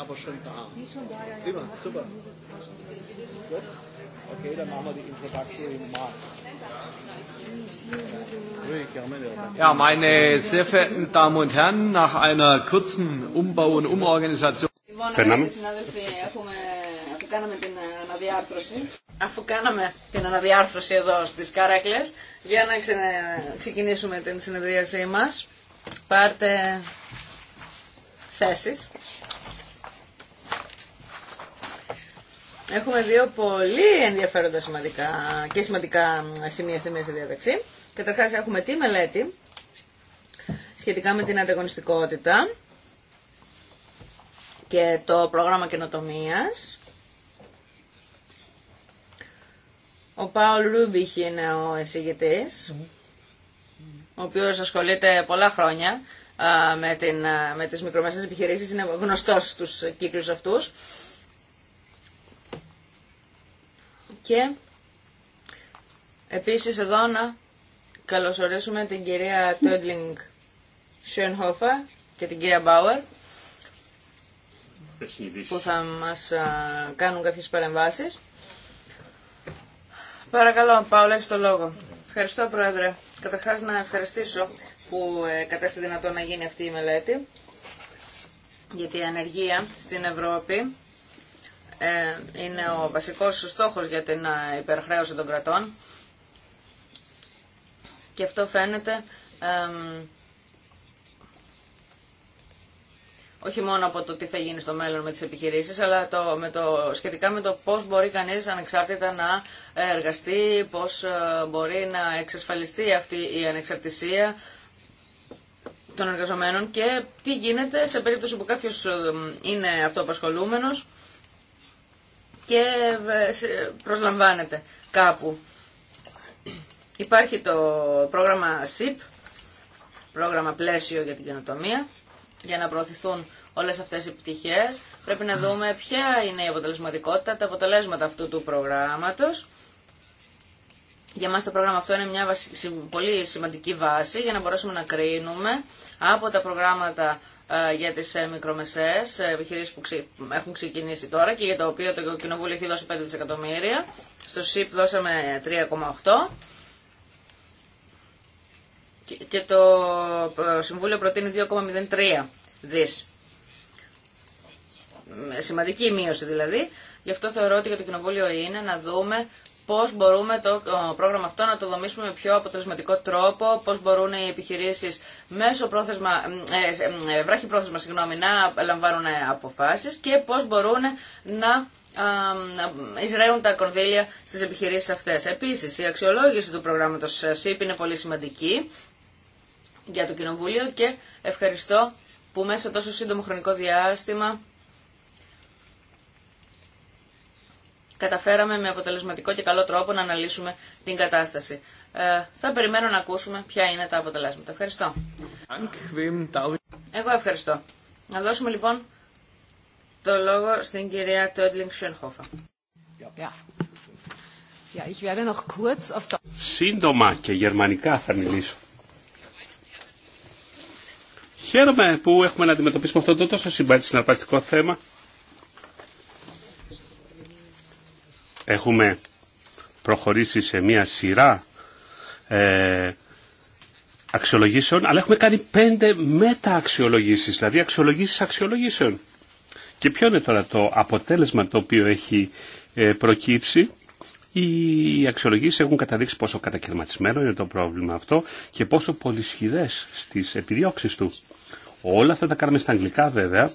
aber Ja, meine sehr verehrten Damen und Herren, nach einer kurzen Umbau- und Umorganisation αφού κάναμε την αναδιάρθρωση εδώ στις Καράκλες, για να ξεκινήσουμε την συνεδρίασή μας. Πάρτε θέσεις. Έχουμε δύο πολύ ενδιαφέροντα σημαντικά και σημαντικά σημεία στη μέση διάταξη. Καταρχά, έχουμε τη μελέτη σχετικά με την ανταγωνιστικότητα και το πρόγραμμα καινοτομίας Ο Πάολ Ρούμπιχ είναι ο εισηγητής, ο οποίος ασχολείται πολλά χρόνια με, την, με τις μικρομεσαίες επιχειρήσεις, είναι γνωστός στους κύκλους αυτούς. Και επίσης εδώ να καλωσορίσουμε την κυρία Τόντλινγκ Σιονχόφα και την κυρία Μπάουερ που θα μας κάνουν κάποιες παρεμβάσεις. Παρακαλώ, Πάολα, το λόγο. Ευχαριστώ, Πρόεδρε. Καταρχά, να ευχαριστήσω που ε, κατέστη δυνατόν να γίνει αυτή η μελέτη, γιατί η ανεργία στην Ευρώπη ε, είναι ο βασικός στόχος για την ε, υπερχρέωση των κρατών και αυτό φαίνεται όχι μόνο από το τι θα γίνει στο μέλλον με τις επιχειρήσεις, αλλά το, με το, σχετικά με το πώς μπορεί κανείς ανεξάρτητα να εργαστεί, πώς ε, μπορεί να εξασφαλιστεί αυτή η ανεξαρτησία των εργαζομένων και τι γίνεται σε περίπτωση που κάποιος ε, είναι αυτοαπασχολούμενος και ε, προσλαμβάνεται κάπου. Υπάρχει το πρόγραμμα SIP, πρόγραμμα πλαίσιο για την καινοτομία, για να προωθηθούν όλες αυτές οι επιτυχίες. Πρέπει να δούμε ποια είναι η αποτελεσματικότητα, τα αποτελέσματα αυτού του προγράμματος. Για μας το πρόγραμμα αυτό είναι μια πολύ σημαντική βάση για να μπορέσουμε να κρίνουμε από τα προγράμματα ε, για τις ε, μικρομεσαίες ε, επιχειρήσεις που έχουν ξεκινήσει τώρα και για τα οποία το Κοινοβούλιο έχει δώσει 5 δισεκατομμύρια. Στο ΣΥΠ δώσαμε 3,8 και το ε, Συμβούλιο προτείνει 2,03 δις. Σημαντική μείωση δηλαδή. Γι' αυτό θεωρώ ότι για το Κοινοβούλιο είναι να δούμε πώς μπορούμε το ε, πρόγραμμα αυτό να το δομήσουμε με πιο αποτελεσματικό τρόπο, πώς μπορούν οι επιχειρήσεις μέσω πρόθεσμα, ε, ε, βράχη πρόθεσμα συγγνώμη, να λαμβάνουν αποφάσεις και πώς μπορούν να εισραίουν τα κονδύλια στις επιχειρήσεις αυτές. Επίσης, η αξιολόγηση του προγράμματος ΣΥΠ είναι πολύ σημαντική για το Κοινοβούλιο και ευχαριστώ που μέσα τόσο σύντομο χρονικό διάστημα καταφέραμε με αποτελεσματικό και καλό τρόπο να αναλύσουμε την κατάσταση. Ε, θα περιμένω να ακούσουμε ποια είναι τα αποτελέσματα. Ευχαριστώ. Εγώ ευχαριστώ. Να δώσουμε λοιπόν το λόγο στην κυρία Τόντλινγκ Σιενχόφα. Σύντομα και γερμανικά θα μιλήσω. Χαίρομαι που έχουμε να αντιμετωπίσουμε αυτό το τόσο συναρπαστικό θέμα. Έχουμε προχωρήσει σε μια σειρά ε, αξιολογήσεων, αλλά έχουμε κάνει πέντε μετααξιολογήσεις, δηλαδή αξιολογήσεις αξιολογήσεων. Και ποιο είναι τώρα το αποτέλεσμα το οποίο έχει ε, προκύψει. Οι αξιολογήσει έχουν καταδείξει πόσο κατακαιρματισμένο είναι το πρόβλημα αυτό και πόσο πολυσχηδές στις επιδιώξει του. Όλα αυτά τα κάναμε στα αγγλικά βέβαια.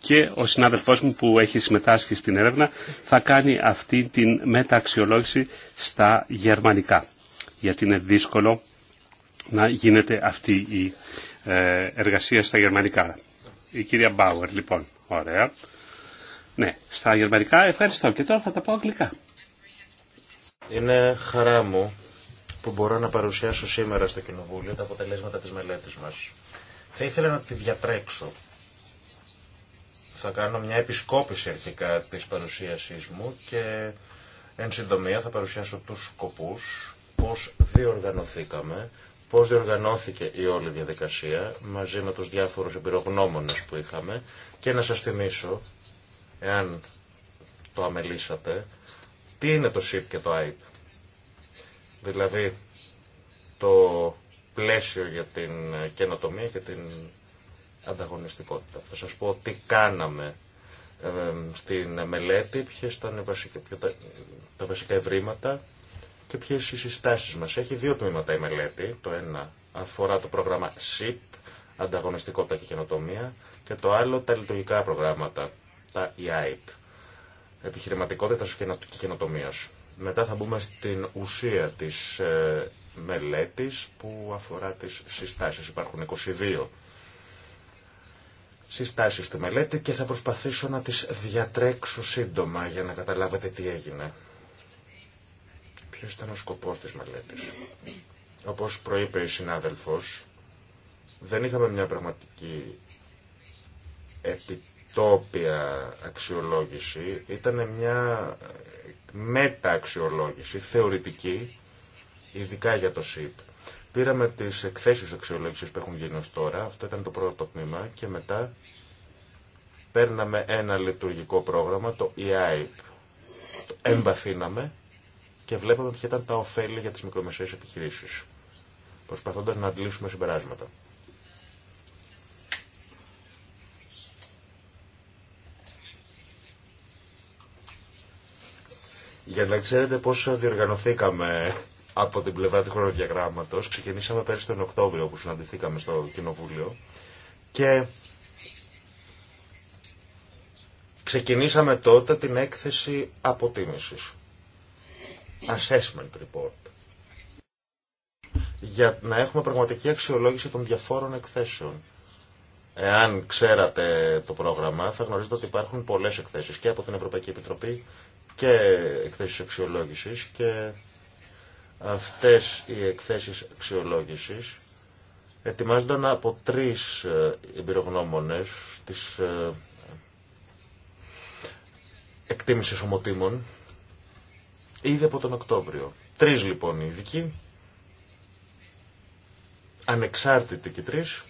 Και ο συνάδελφός μου που έχει συμμετάσχει στην έρευνα θα κάνει αυτή την μεταξιολόγηση στα γερμανικά. Γιατί είναι δύσκολο να γίνεται αυτή η ε, εργασία στα γερμανικά. Η κυρία Μπάουερ λοιπόν. Ωραία. Ναι, στα γερμανικά ευχαριστώ και τώρα θα τα πω αγγλικά. Είναι χαρά μου που μπορώ να παρουσιάσω σήμερα στο Κοινοβούλιο τα αποτελέσματα της μελέτης μας. Θα ήθελα να τη διατρέξω. Θα κάνω μια επισκόπηση αρχικά της παρουσίασής μου και εν συντομία θα παρουσιάσω τους σκοπούς, πώς διοργανωθήκαμε, πώς διοργανώθηκε η όλη διαδικασία μαζί με τους διάφορους εμπειρογνώμονες που είχαμε και να σας θυμίσω εάν το αμελήσατε, τι είναι το SIP και το AIP, Δηλαδή, το πλαίσιο για την καινοτομία και την ανταγωνιστικότητα. Θα σας πω τι κάναμε στην μελέτη, ποιες ήταν τα βασικά, τα βασικά ευρήματα και ποιες οι συστάσεις μας. Έχει δύο τμήματα η μελέτη. Το ένα αφορά το πρόγραμμα SIP, ανταγωνιστικότητα και καινοτομία, και το άλλο τα λειτουργικά προγράμματα τα ΙΑΕΠ, Επιχειρηματικότητα και καινοτομία. Μετά θα μπούμε στην ουσία της ε, μελέτης που αφορά τι συστάσεις. Υπάρχουν 22 συστάσεις στη μελέτη και θα προσπαθήσω να τις διατρέξω σύντομα για να καταλάβετε τι έγινε. Ποιος ήταν ο σκοπός της μελέτης. Όπως προείπε η συνάδελφος, δεν είχαμε μια πραγματική επιτυχία τόπια αξιολόγηση ήταν μια μεταξιολόγηση θεωρητική, ειδικά για το ΣΥΠ. Πήραμε τις εκθέσεις αξιολόγησης που έχουν γίνει ως τώρα, αυτό ήταν το πρώτο τμήμα και μετά παίρναμε ένα λειτουργικό πρόγραμμα, το EIP, το εμπαθύναμε και βλέπαμε ποια ήταν τα ωφέλη για τις μικρομεσαίες επιχειρήσεις, προσπαθώντας να αντλήσουμε συμπεράσματα. Για να ξέρετε πώ διοργανωθήκαμε από την πλευρά του χρονοδιαγράμματος, ξεκινήσαμε πέρσι τον Οκτώβριο που συναντηθήκαμε στο Κοινοβούλιο και ξεκινήσαμε τότε την έκθεση αποτίμηση. Assessment report. Για να έχουμε πραγματική αξιολόγηση των διαφόρων εκθέσεων. Εάν ξέρατε το πρόγραμμα, θα γνωρίζετε ότι υπάρχουν πολλέ εκθέσει και από την Ευρωπαϊκή Επιτροπή και εκθέσεις αξιολόγησης και αυτές οι εκθέσεις αξιολόγησης ετοιμάζονταν από τρεις ε, εμπειρογνώμονες της ε, εκτίμησης ομοτήμων ήδη από τον Οκτώβριο. Τρεις λοιπόν οι ειδικοί, ανεξάρτητοι και τρεις,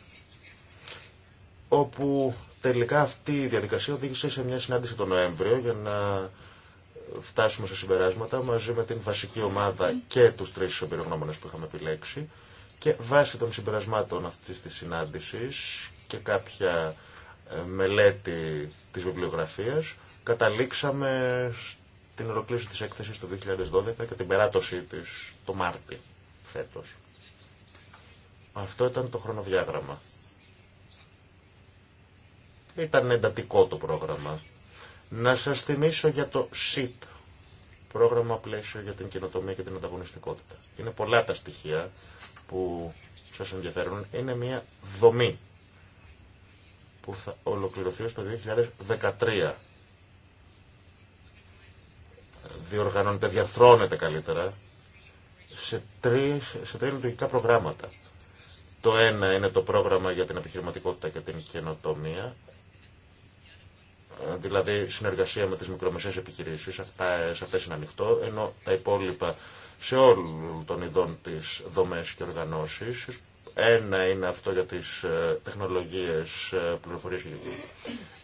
όπου τελικά αυτή η διαδικασία οδήγησε σε μια συνάντηση τον Νοέμβριο για να φτάσουμε σε συμπεράσματα μαζί με την βασική ομάδα και τους τρεις εμπειρογνώμονες που είχαμε επιλέξει και βάσει των συμπερασμάτων αυτή της συνάντησης και κάποια ε, μελέτη της βιβλιογραφίας καταλήξαμε την ολοκλήρωση της έκθεσης το 2012 και την περάτωσή της το Μάρτι φέτος. Αυτό ήταν το χρονοδιάγραμμα. Ήταν εντατικό το πρόγραμμα. Να σας θυμίσω για το SIP, πρόγραμμα πλαίσιο για την καινοτομία και την ανταγωνιστικότητα. Είναι πολλά τα στοιχεία που σας ενδιαφέρουν. Είναι μια δομή που θα ολοκληρωθεί το 2013. Διοργανώνεται, διαρθρώνεται καλύτερα σε, τρεις, σε τρία λειτουργικά προγράμματα. Το ένα είναι το πρόγραμμα για την επιχειρηματικότητα και την καινοτομία δηλαδή συνεργασία με τις μικρομεσαίες επιχειρήσεις, αυτά, σε αυτές είναι ανοιχτό, ενώ τα υπόλοιπα σε όλων των ειδών της δομές και οργανώσεις. Ένα είναι αυτό για τις ε, τεχνολογίες ε, πληροφορίας και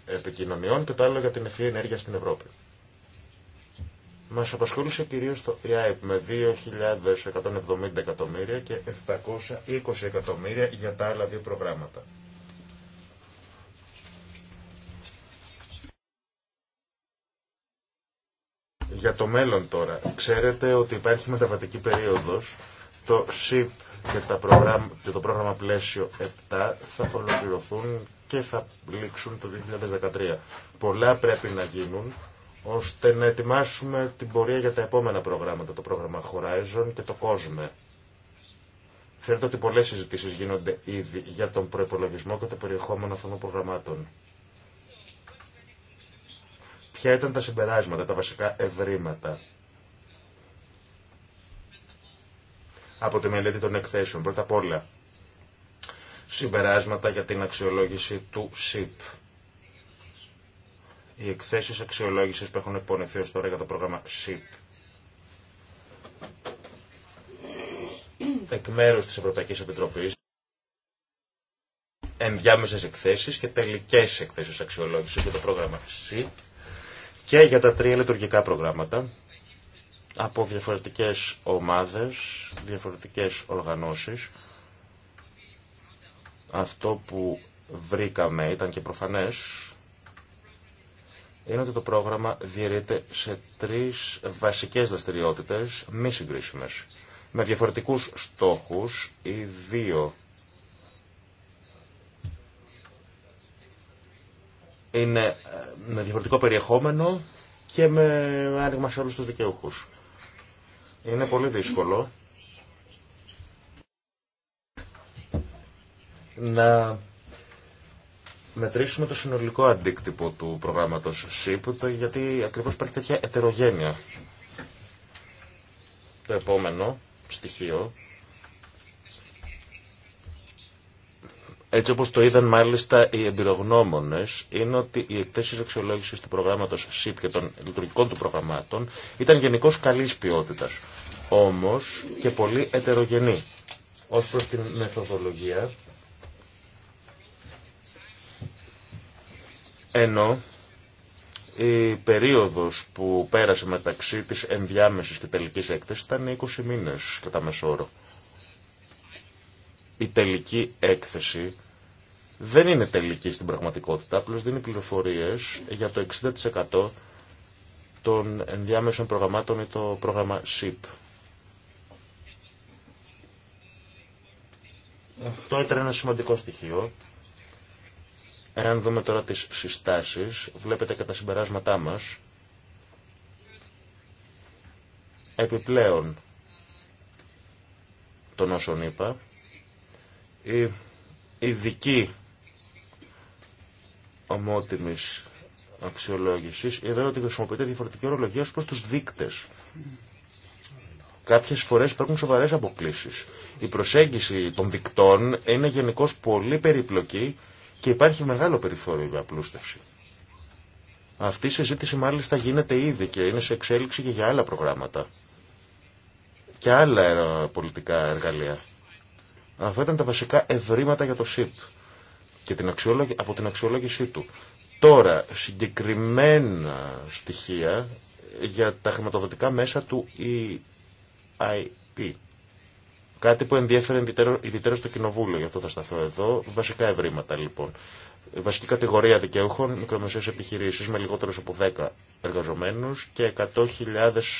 επικοινωνιών και το άλλο για την ευφυή ενέργεια στην Ευρώπη. Μας απασχόλησε κυρίως το ΙΑΕΠ με 2.170 εκατομμύρια και 720 εκατομμύρια για τα άλλα δύο προγράμματα. Για το μέλλον τώρα. Ξέρετε ότι υπάρχει μεταβατική περίοδος. Το ΣΥΠ και, το πρόγραμμα πλαίσιο 7 θα ολοκληρωθούν και θα λήξουν το 2013. Πολλά πρέπει να γίνουν ώστε να ετοιμάσουμε την πορεία για τα επόμενα προγράμματα, το πρόγραμμα Horizon και το COSME. Φαίνεται ότι πολλές συζητήσεις γίνονται ήδη για τον προπολογισμό και το περιεχόμενο αυτών των προγραμμάτων. Ποια ήταν τα συμπεράσματα, τα βασικά ευρήματα από τη μελέτη των εκθέσεων. Πρώτα απ' όλα, συμπεράσματα για την αξιολόγηση του ΣΥΠ. Οι εκθέσεις αξιολόγησης που έχουν εκπονηθεί ως τώρα για το πρόγραμμα ΣΥΠ. Εκ μέρους της Ευρωπαϊκής Επιτροπής, ενδιάμεσες εκθέσεις και τελικές εκθέσεις αξιολόγησης για το πρόγραμμα ΣΥΠ και για τα τρία λειτουργικά προγράμματα από διαφορετικές ομάδες, διαφορετικές οργανώσεις. Αυτό που βρήκαμε ήταν και προφανές είναι ότι το πρόγραμμα διαιρείται σε τρεις βασικές δραστηριότητες μη συγκρίσιμες. Με διαφορετικούς στόχους, οι δύο είναι ε, με διαφορετικό περιεχόμενο και με άνοιγμα σε όλους τους δικαιούχους. Είναι πολύ δύσκολο να μετρήσουμε το συνολικό αντίκτυπο του προγράμματος ΣΥΠ, γιατί ακριβώς υπάρχει τέτοια ετερογένεια. Το επόμενο στοιχείο Έτσι όπως το είδαν μάλιστα οι εμπειρογνώμονες, είναι ότι οι εκθέσεις αξιολόγησης του προγράμματος ΣΥΠ και των λειτουργικών του προγραμμάτων ήταν γενικώ καλής ποιότητας, όμως και πολύ ετερογενή ως προς την μεθοδολογία, ενώ η περίοδος που πέρασε μεταξύ της ενδιάμεσης και τελικής έκθεσης ήταν 20 μήνες κατά μεσόρο η τελική έκθεση δεν είναι τελική στην πραγματικότητα, απλώς δίνει πληροφορίες για το 60% των ενδιάμεσων προγραμμάτων ή το πρόγραμμα SIP. Αυτό ήταν ένα σημαντικό στοιχείο. Εάν δούμε τώρα τις συστάσεις, βλέπετε και τα συμπεράσματά μας. Επιπλέον τον οσον είπα, η ειδική ομότιμη αξιολόγησης είδα ότι χρησιμοποιείται διαφορετική ορολογία ω προ τους δείκτε. Κάποιες φορές υπάρχουν σοβαρέ αποκλήσει. Η προσέγγιση των δικτών είναι γενικώ πολύ περιπλοκή και υπάρχει μεγάλο περιθώριο για απλούστευση. Αυτή η συζήτηση μάλιστα γίνεται ήδη και είναι σε εξέλιξη και για άλλα προγράμματα και άλλα πολιτικά εργαλεία. Αυτά ήταν τα βασικά ευρήματα για το ΣΥΠ και την αξιόλογη, από την αξιολόγησή του. Τώρα, συγκεκριμένα στοιχεία για τα χρηματοδοτικά μέσα του EIP. Κάτι που ενδιέφερε ιδιαίτερα στο Κοινοβούλιο, γι' αυτό θα σταθώ εδώ. Βασικά ευρήματα λοιπόν. Βασική κατηγορία δικαιούχων, μικρομεσαίες επιχειρήσει με λιγότερου από 10 εργαζομένου και 100.000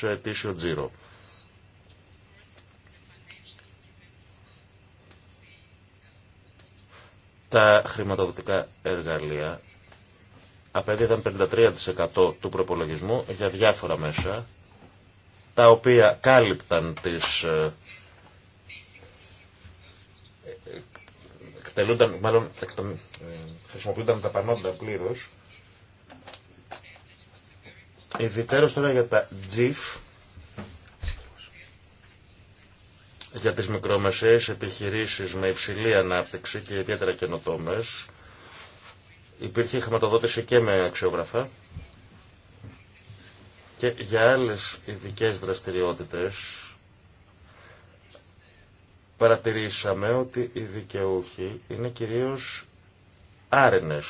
ετήσιο τζίρο. Τα χρηματοδοτικά εργαλεία απέδιδαν 53% του προπολογισμού για διάφορα μέσα, τα οποία κάλυπταν τις ε, εκτελούνταν, μάλλον ε, χρησιμοποιούνταν τα πανόντα πλήρως. Ειδικαίως τώρα για τα GIF, για τις μικρομεσαίες επιχειρήσεις με υψηλή ανάπτυξη και ιδιαίτερα καινοτόμες. Υπήρχε χρηματοδότηση και με αξιόγραφα και για άλλες ειδικέ δραστηριότητες παρατηρήσαμε ότι οι δικαιούχοι είναι κυρίως άρενες.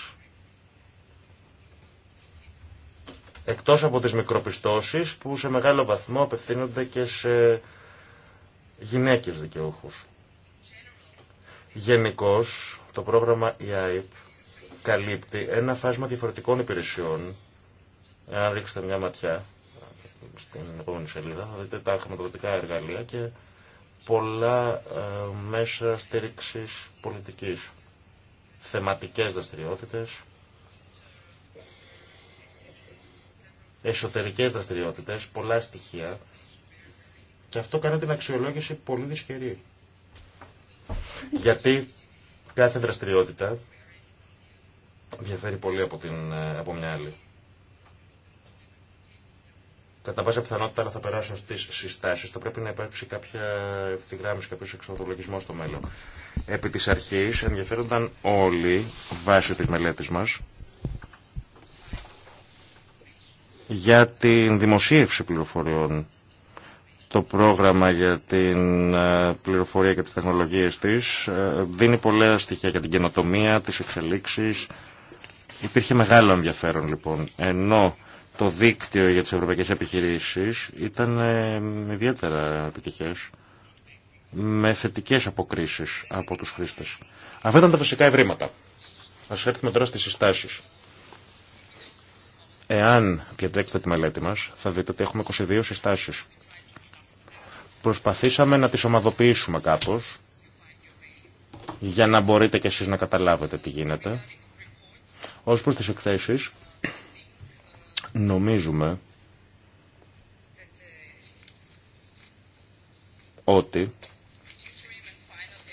Εκτός από τις μικροπιστώσεις που σε μεγάλο βαθμό απευθύνονται και σε γυναίκες δικαιούχους. Γενικώ, το πρόγραμμα EIP καλύπτει ένα φάσμα διαφορετικών υπηρεσιών. Αν ρίξετε μια ματιά στην επόμενη σελίδα θα δείτε τα χρηματοδοτικά εργαλεία και πολλά ε, μέσα στήριξης πολιτικής, θεματικές δραστηριότητες, εσωτερικές δραστηριότητες, πολλά στοιχεία και αυτό κάνει την αξιολόγηση πολύ δυσχερή. Γιατί κάθε δραστηριότητα διαφέρει πολύ από, την, ε, από μια άλλη. Κατά πάσα πιθανότητα θα περάσουν στι συστάσει. Θα πρέπει να υπάρξει κάποια ευθυγράμμιση, κάποιο εξοδολογισμό στο μέλλον. Επί τη αρχή ενδιαφέρονταν όλοι βάσει τη μελέτη μα για την δημοσίευση πληροφοριών το πρόγραμμα για την ε, πληροφορία και τις τεχνολογίες της ε, δίνει πολλά στοιχεία για την καινοτομία, τις εξελίξεις. Υπήρχε μεγάλο ενδιαφέρον λοιπόν, ενώ το δίκτυο για τις ευρωπαϊκές επιχειρήσεις ήταν ε, ιδιαίτερα επιτυχές με θετικές αποκρίσεις από τους χρήστες. Αυτά ήταν τα βασικά ευρήματα. Ας έρθουμε τώρα στις συστάσεις. Εάν διατρέξετε τη μελέτη μας, θα δείτε ότι έχουμε 22 συστάσεις Προσπαθήσαμε να τις ομαδοποιήσουμε κάπως για να μπορείτε κι εσείς να καταλάβετε τι γίνεται. Ως προς τις εκθέσεις, νομίζουμε ότι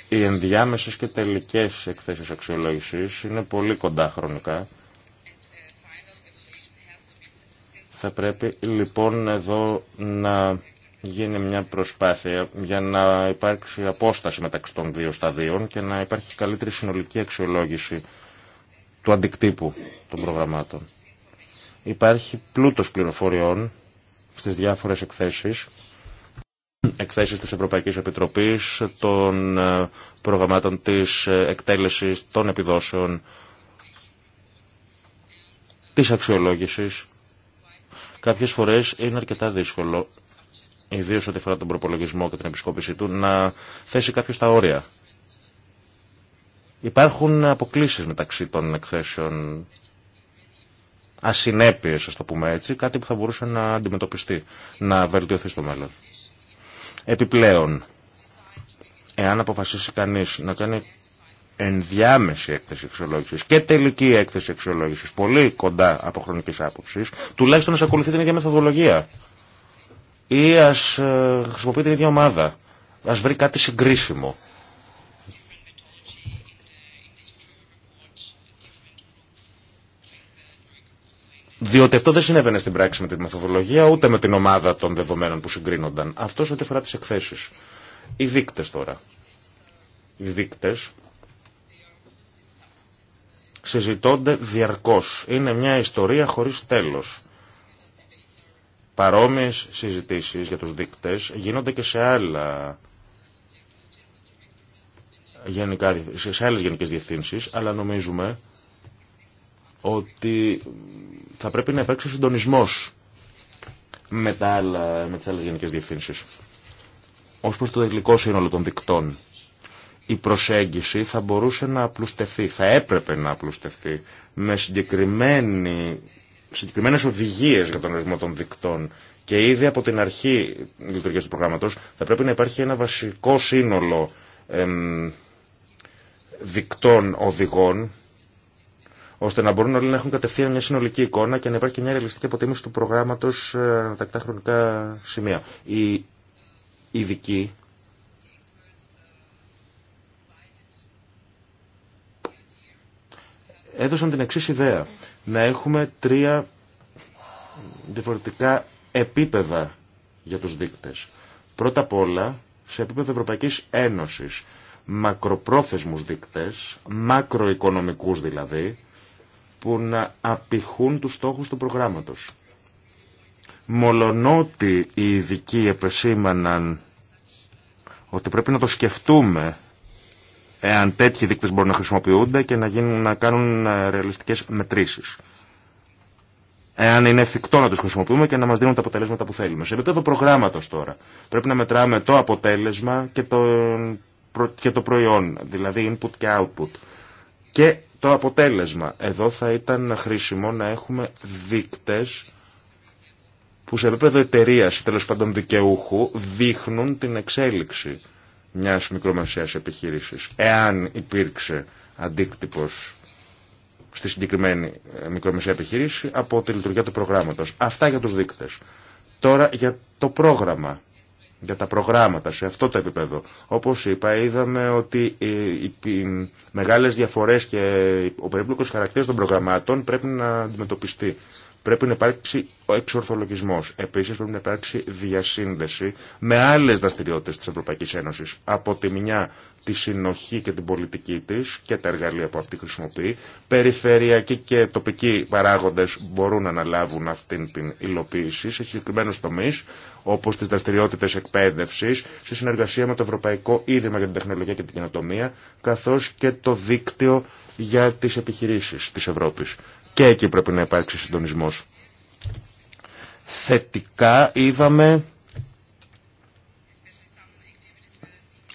οι ενδιάμεσες και τελικές εκθέσεις αξιολόγησης είναι πολύ κοντά χρονικά. Θα πρέπει λοιπόν εδώ να γίνει μια προσπάθεια για να υπάρξει απόσταση μεταξύ των δύο σταδίων και να υπάρχει καλύτερη συνολική αξιολόγηση του αντικτύπου των προγραμμάτων. Υπάρχει πλούτος πληροφοριών στις διάφορες εκθέσεις, εκθέσεις της Ευρωπαϊκής Επιτροπής, των ε, προγραμμάτων της ε, εκτέλεσης, των επιδόσεων, της αξιολόγησης. Κάποιες φορές είναι αρκετά δύσκολο ιδίω ό,τι αφορά τον προπολογισμό και την επισκόπηση του, να θέσει κάποιο τα όρια. Υπάρχουν αποκλήσει μεταξύ των εκθέσεων ασυνέπειε, α το πούμε έτσι, κάτι που θα μπορούσε να αντιμετωπιστεί, να βελτιωθεί στο μέλλον. Επιπλέον, εάν αποφασίσει κανεί να κάνει ενδιάμεση έκθεση αξιολόγηση και τελική έκθεση αξιολόγηση, πολύ κοντά από χρονική άποψη, τουλάχιστον να σε ακολουθεί την ίδια μεθοδολογία ή ας ε, χρησιμοποιεί την ίδια ομάδα. Ας βρει κάτι συγκρίσιμο. Διότι αυτό δεν συνέβαινε στην πράξη με τη μεθοδολογία ούτε με την ομάδα των δεδομένων που συγκρίνονταν. Αυτό ό,τι αφορά τι εκθέσει. Οι δείκτε τώρα. Οι δείκτε συζητώνται διαρκώ. Είναι μια ιστορία χωρί τέλο. Παρόμοιες συζητήσεις για τους δείκτες γίνονται και σε άλλα γενικά, σε άλλες γενικές διευθύνσεις, αλλά νομίζουμε ότι θα πρέπει να υπάρξει συντονισμός με, τα άλλα, με τις άλλες γενικές διευθύνσεις. Ως προς το τελικό σύνολο των δικτών, η προσέγγιση θα μπορούσε να απλουστευτεί, θα έπρεπε να απλουστευτεί με συγκεκριμένη συγκεκριμένε οδηγίε για τον ορισμό των δικτών και ήδη από την αρχή λειτουργία του προγράμματος θα πρέπει να υπάρχει ένα βασικό σύνολο εμ, δικτών οδηγών ώστε να μπορούν όλοι να έχουν κατευθείαν μια συνολική εικόνα και να υπάρχει μια ρεαλιστική αποτίμηση του προγράμματος ε, ανατακτά χρονικά σημεία. Οι ειδικοί έδωσαν την εξή ιδέα. Να έχουμε τρία διαφορετικά επίπεδα για τους δείκτες. Πρώτα απ' όλα, σε επίπεδο Ευρωπαϊκής Ένωσης, μακροπρόθεσμους δείκτες, μακροοικονομικούς δηλαδή, που να απηχούν τους στόχους του προγράμματος. Μολονότι οι ειδικοί επεσήμαναν ότι πρέπει να το σκεφτούμε εάν τέτοιοι δείκτες μπορούν να χρησιμοποιούνται και να, γίνουν, να κάνουν ε, ρεαλιστικές μετρήσεις. Εάν είναι εφικτό να τους χρησιμοποιούμε και να μας δίνουν τα αποτελέσματα που θέλουμε. Σε επίπεδο προγράμματος τώρα πρέπει να μετράμε το αποτέλεσμα και το, και το προϊόν, δηλαδή input και output. Και το αποτέλεσμα. Εδώ θα ήταν χρήσιμο να έχουμε δείκτες που σε επίπεδο εταιρεία ή τέλο πάντων δικαιούχου δείχνουν την εξέλιξη μιας μικρομεσαίας επιχείρησης, εάν υπήρξε αντίκτυπος στη συγκεκριμένη ε, μικρομεσαία επιχείρηση από τη λειτουργία του προγράμματος. Αυτά για τους δείκτες. Τώρα για το πρόγραμμα, για τα προγράμματα σε αυτό το επίπεδο. Όπως είπα, είδαμε ότι οι μεγάλες διαφορές και ο περίπλοκος χαρακτήρας των προγραμμάτων πρέπει να αντιμετωπιστεί Πρέπει να υπάρξει ο εξορθολογισμό. Επίση, πρέπει να υπάρξει διασύνδεση με άλλε δραστηριότητε τη Ευρωπαϊκή Ένωση. Από τη μια, τη συνοχή και την πολιτική τη και τα εργαλεία που αυτή χρησιμοποιεί. Περιφερειακοί και τοπικοί παράγοντε μπορούν να αναλάβουν αυτή την υλοποίηση σε συγκεκριμένου τομεί, όπω τι δραστηριότητε εκπαίδευση, σε συνεργασία με το Ευρωπαϊκό Ίδρυμα για την Τεχνολογία και την Καινοτομία, καθώ και το δίκτυο για τι επιχειρήσει τη Ευρώπη. Και εκεί πρέπει να υπάρξει συντονισμός. Θετικά είδαμε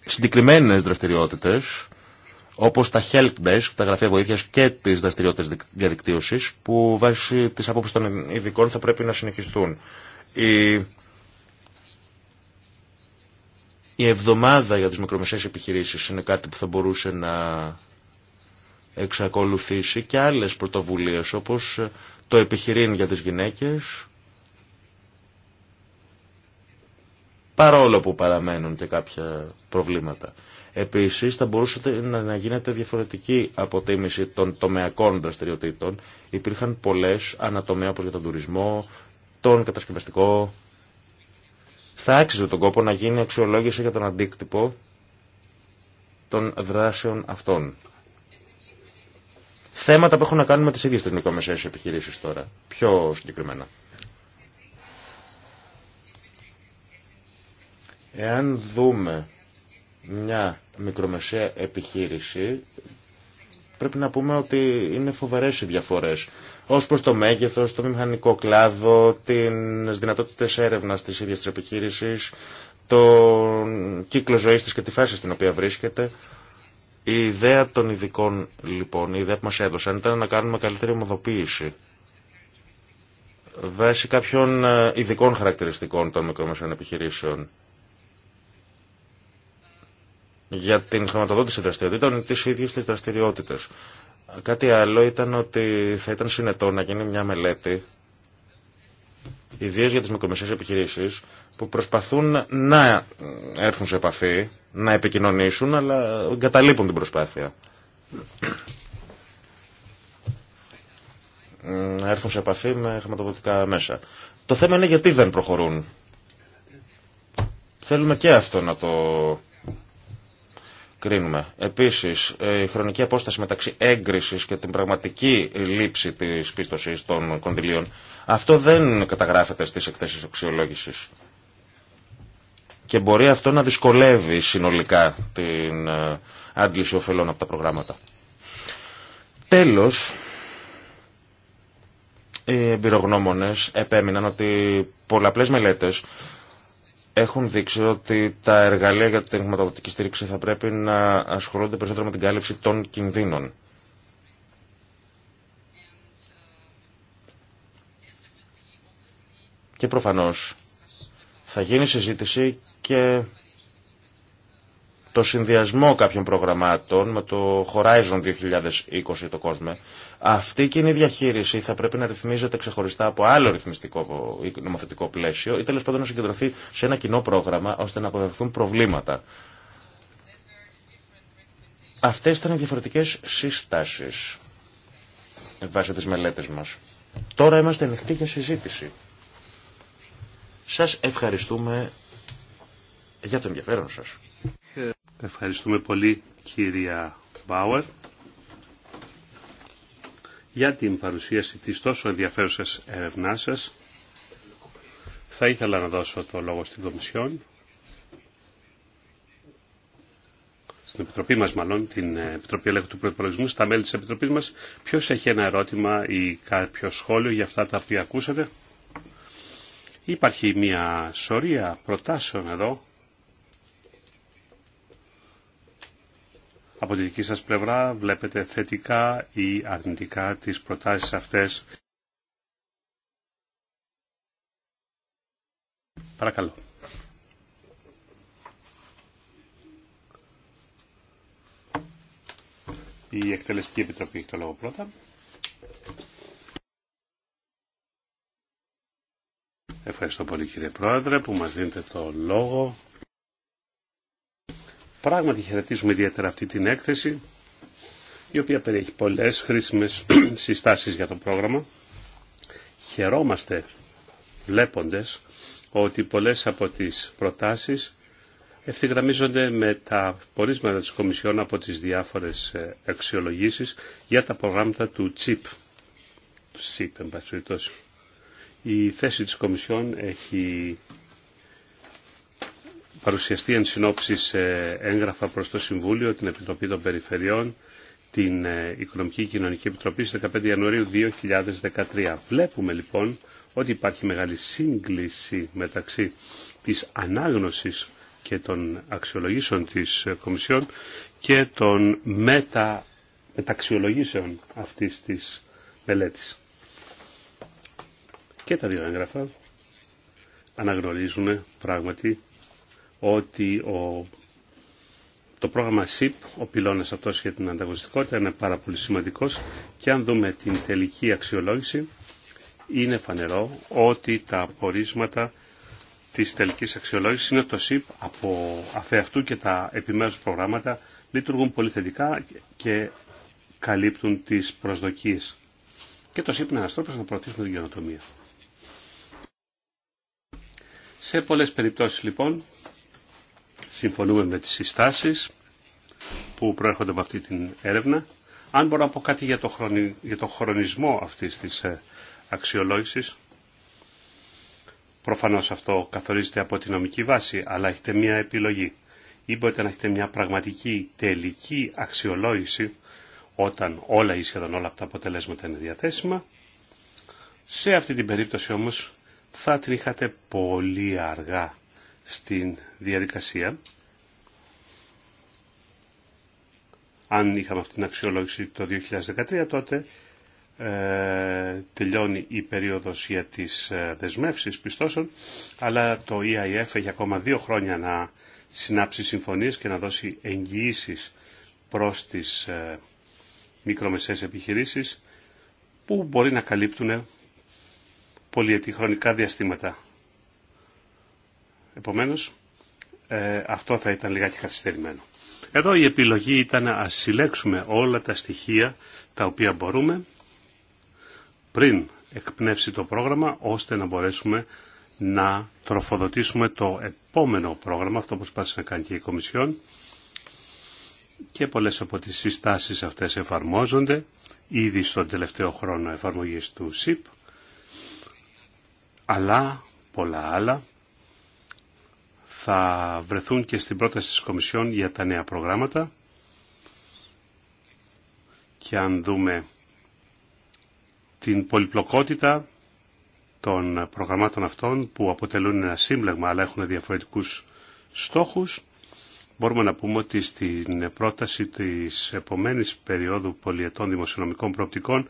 συγκεκριμένες δραστηριότητες όπως τα help desk, τα γραφεία βοήθειας και τις δραστηριότητες διαδικτύωσης που βάσει της απόψης των ειδικών θα πρέπει να συνεχιστούν. Η... Η εβδομάδα για τις μικρομεσαίες επιχειρήσεις είναι κάτι που θα μπορούσε να εξακολουθήσει και άλλες πρωτοβουλίες όπως το επιχειρήν για τις γυναίκες παρόλο που παραμένουν και κάποια προβλήματα. Επίσης θα μπορούσε να γίνεται διαφορετική αποτίμηση των τομεακών δραστηριοτήτων. Υπήρχαν πολλές ανατομέα όπως για τον τουρισμό, τον κατασκευαστικό. Θα άξιζε τον κόπο να γίνει αξιολόγηση για τον αντίκτυπο των δράσεων αυτών. Θέματα που έχουν να κάνουν με τις ίδιες τεχνικομεσαίες επιχειρήσεις τώρα, πιο συγκεκριμένα. Εάν δούμε μια μικρομεσαία επιχείρηση, πρέπει να πούμε ότι είναι φοβερές οι διαφορές ως προς το μέγεθος, το μηχανικό κλάδο, τι δυνατότητε έρευνα τη ίδια της επιχείρηση, τον κύκλο ζωής της και τη φάση στην οποία βρίσκεται. Η ιδέα των ειδικών, λοιπόν, η ιδέα που μας έδωσαν ήταν να κάνουμε καλύτερη ομοδοποίηση βάσει κάποιων ε, ειδικών χαρακτηριστικών των μικρομεσαίων επιχειρήσεων για την χρηματοδότηση δραστηριοτήτων ή τις ίδιες τις δραστηριότητες. Κάτι άλλο ήταν ότι θα ήταν συνετό να γίνει μια μελέτη ιδίω για τις μικρομεσαίες επιχειρήσεις που προσπαθούν να έρθουν σε επαφή να επικοινωνήσουν, αλλά εγκαταλείπουν την προσπάθεια. Να έρθουν σε επαφή με χρηματοδοτικά μέσα. Το θέμα είναι γιατί δεν προχωρούν. Θέλουμε και αυτό να το κρίνουμε. Επίσης, η χρονική απόσταση μεταξύ έγκρισης και την πραγματική λήψη της πίστοσης των κονδυλίων, αυτό δεν καταγράφεται στις εκθέσεις αξιολόγησης και μπορεί αυτό να δυσκολεύει συνολικά την ε, άντληση ωφελών από τα προγράμματα. Τέλος, οι εμπειρογνώμονες επέμειναν ότι πολλαπλές μελέτες έχουν δείξει ότι τα εργαλεία για την χρηματοδοτική στήριξη θα πρέπει να ασχολούνται περισσότερο με την κάλυψη των κινδύνων. Και προφανώς θα γίνει συζήτηση και το συνδυασμό κάποιων προγραμμάτων με το Horizon 2020 το κόσμο, αυτή και η διαχείριση θα πρέπει να ρυθμίζεται ξεχωριστά από άλλο ρυθμιστικό ή νομοθετικό πλαίσιο ή τέλος πάντων να συγκεντρωθεί σε ένα κοινό πρόγραμμα ώστε να αποδεχθούν προβλήματα. Αυτές ήταν οι διαφορετικές συστάσεις βάσει τις μελέτες μας. Τώρα είμαστε ανοιχτοί για συζήτηση. Σας ευχαριστούμε για το ενδιαφέρον σας. Ευχαριστούμε πολύ κυρία Μπάουερ για την παρουσίαση της τόσο ενδιαφέρουσας έρευνά σα. Θα ήθελα να δώσω το λόγο στην Κομισιόν, στην Επιτροπή μας μάλλον, την Επιτροπή Ελέγχου του Προπολογισμού, στα μέλη της Επιτροπής μας. Ποιος έχει ένα ερώτημα ή κάποιο σχόλιο για αυτά τα οποία ακούσατε. Υπάρχει μια σωρία προτάσεων εδώ από τη δική σας πλευρά βλέπετε θετικά ή αρνητικά τις προτάσεις αυτές. Παρακαλώ. Η Εκτελεστική Επιτροπή έχει το λόγο πρώτα. Ευχαριστώ πολύ κύριε Πρόεδρε που μας δίνετε το λόγο. Πράγματι χαιρετίζουμε ιδιαίτερα αυτή την έκθεση, η οποία περιέχει πολλές χρήσιμες συστάσεις για το πρόγραμμα. Χαιρόμαστε βλέποντες ότι πολλές από τις προτάσεις ευθυγραμμίζονται με τα πορίσματα της Κομισιόν από τις διάφορες ε, αξιολογήσεις για τα προγράμματα του CHIP. Του CHIP, Η θέση της Κομισιόν έχει παρουσιαστεί εν συνόψη σε έγγραφα προς το Συμβούλιο, την Επιτροπή των Περιφερειών, την ε, Οικονομική και Κοινωνική Επιτροπή στις 15 Ιανουαρίου 2013. Βλέπουμε λοιπόν ότι υπάρχει μεγάλη σύγκληση μεταξύ της ανάγνωσης και των αξιολογήσεων της ε, Κομισιόν και των μετα, μεταξιολογήσεων αυτής της μελέτης. Και τα δύο έγγραφα αναγνωρίζουν πράγματι ότι ο, το πρόγραμμα SIP, ο πυλώνας αυτός για την ανταγωνιστικότητα, είναι πάρα πολύ σημαντικός και αν δούμε την τελική αξιολόγηση, είναι φανερό ότι τα απορίσματα της τελικής αξιολόγησης είναι το SIP από αφεαυτού και τα επιμέρους προγράμματα λειτουργούν πολύ θετικά και καλύπτουν τις προσδοκίες. Και το ΣΥΠ είναι ένας να προωθήσουμε την καινοτομία. Σε πολλές περιπτώσεις λοιπόν συμφωνούμε με τις συστάσεις που προέρχονται από αυτή την έρευνα. Αν μπορώ να πω κάτι για το, χρονισμό αυτής της ε, αξιολόγησης, προφανώς αυτό καθορίζεται από τη νομική βάση, αλλά έχετε μια επιλογή. Ή μπορείτε να έχετε μια πραγματική τελική αξιολόγηση όταν όλα ή σχεδόν όλα από τα αποτελέσματα είναι διαθέσιμα. Σε αυτή την περίπτωση όμως θα τρίχατε πολύ αργά στην διαδικασία. Αν είχαμε αυτή την αξιολόγηση το 2013 τότε ε, τελειώνει η περίοδος για τις ε, δεσμεύσεις πιστώσεων αλλά το EIF έχει ακόμα δύο χρόνια να συνάψει συμφωνίες και να δώσει εγγυήσει προς τις ε, μικρομεσαίες επιχειρήσεις που μπορεί να καλύπτουν πολυετή χρονικά διαστήματα. Επομένως, ε, αυτό θα ήταν λιγάκι καθυστερημένο. Εδώ η επιλογή ήταν να συλλέξουμε όλα τα στοιχεία τα οποία μπορούμε πριν εκπνεύσει το πρόγραμμα ώστε να μπορέσουμε να τροφοδοτήσουμε το επόμενο πρόγραμμα, αυτό που σπάσει να κάνει και η Κομισιόν και πολλές από τις συστάσεις αυτές εφαρμόζονται ήδη στον τελευταίο χρόνο εφαρμογής του ΣΥΠ αλλά πολλά άλλα θα βρεθούν και στην πρόταση της Κομισιόν για τα νέα προγράμματα. Και αν δούμε την πολυπλοκότητα των προγραμμάτων αυτών που αποτελούν ένα σύμπλεγμα αλλά έχουν διαφορετικούς στόχους, μπορούμε να πούμε ότι στην πρόταση της επομένης περίοδου πολιετών δημοσιονομικών προοπτικών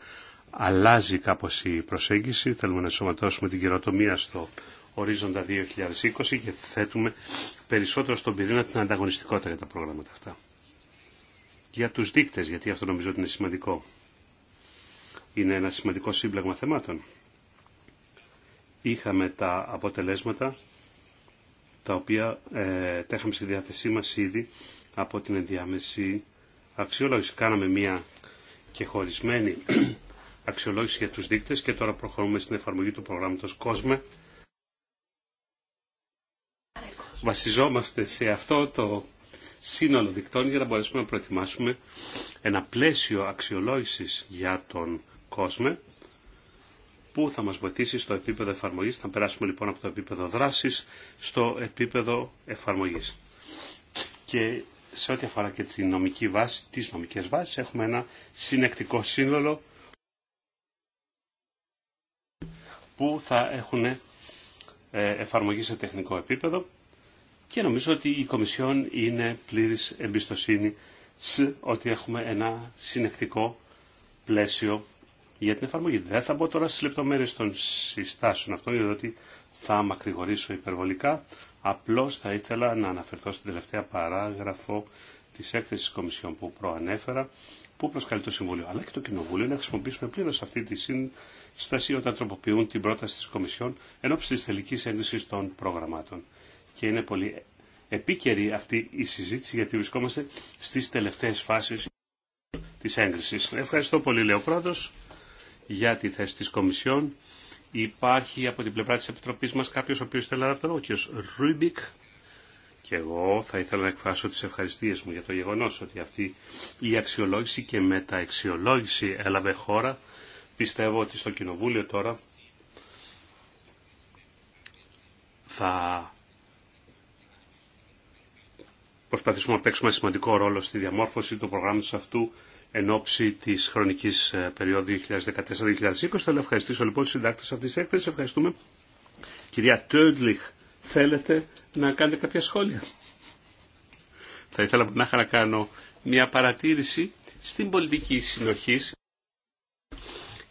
αλλάζει κάπως η προσέγγιση. Θέλουμε να σωματώσουμε την καιροτομία στο ορίζοντα 2020 και θέτουμε περισσότερο στον πυρήνα την ανταγωνιστικότητα για τα πρόγραμματα αυτά. Για τους δείκτες, γιατί αυτό νομίζω ότι είναι σημαντικό. Είναι ένα σημαντικό σύμπλεγμα θεμάτων. Είχαμε τα αποτελέσματα τα οποία ε, τα είχαμε στη διάθεσή μας ήδη από την ενδιάμεση αξιολόγηση. Κάναμε μία και χωρισμένη αξιολόγηση για τους δείκτες και τώρα προχωρούμε στην εφαρμογή του προγράμματος COSME βασιζόμαστε σε αυτό το σύνολο δικτών για να μπορέσουμε να προετοιμάσουμε ένα πλαίσιο αξιολόγησης για τον κόσμο που θα μας βοηθήσει στο επίπεδο εφαρμογής. Θα περάσουμε λοιπόν από το επίπεδο δράσης στο επίπεδο εφαρμογής. Και σε ό,τι αφορά και τη νομική βάση, τις νομικές βάσεις, έχουμε ένα συνεκτικό σύνολο που θα έχουν ε, εφαρμογή σε τεχνικό επίπεδο και νομίζω ότι η Κομισιόν είναι πλήρης εμπιστοσύνη σε ότι έχουμε ένα συνεκτικό πλαίσιο για την εφαρμογή. Δεν θα μπω τώρα στις λεπτομέρειες των συστάσεων αυτών, διότι θα μακρηγορήσω υπερβολικά. Απλώς θα ήθελα να αναφερθώ στην τελευταία παράγραφο της έκθεσης της Κομισιόν που προανέφερα, που προσκαλεί το Συμβούλιο, αλλά και το Κοινοβούλιο να χρησιμοποιήσουμε πλήρως αυτή τη σύσταση όταν τροποποιούν την πρόταση της Κομισιόν ενώπιση της τελικής έγκρισης των προγραμμάτων και είναι πολύ επίκαιρη αυτή η συζήτηση γιατί βρισκόμαστε στις τελευταίες φάσεις της έγκρισης. Ευχαριστώ πολύ λέω πρώτος για τη θέση της Κομισιόν. Υπάρχει από την πλευρά της Επιτροπής μας κάποιος ο οποίος θέλει να αυτό, ο κ. Ρούμπικ. Και εγώ θα ήθελα να εκφράσω τις ευχαριστίες μου για το γεγονός ότι αυτή η αξιολόγηση και μεταεξιολόγηση έλαβε χώρα. Πιστεύω ότι στο Κοινοβούλιο τώρα θα προσπαθήσουμε να παίξουμε σημαντικό ρόλο στη διαμόρφωση του προγράμματος αυτού εν ώψη τη χρονική ε, περίοδου 2014-2020. Θέλω να ευχαριστήσω λοιπόν του συντάκτε αυτή τη έκθεση. Ευχαριστούμε. Κυρία Τέρντλιχ, θέλετε να κάνετε κάποια σχόλια. Θα ήθελα να να κάνω μια παρατήρηση στην πολιτική συνοχή.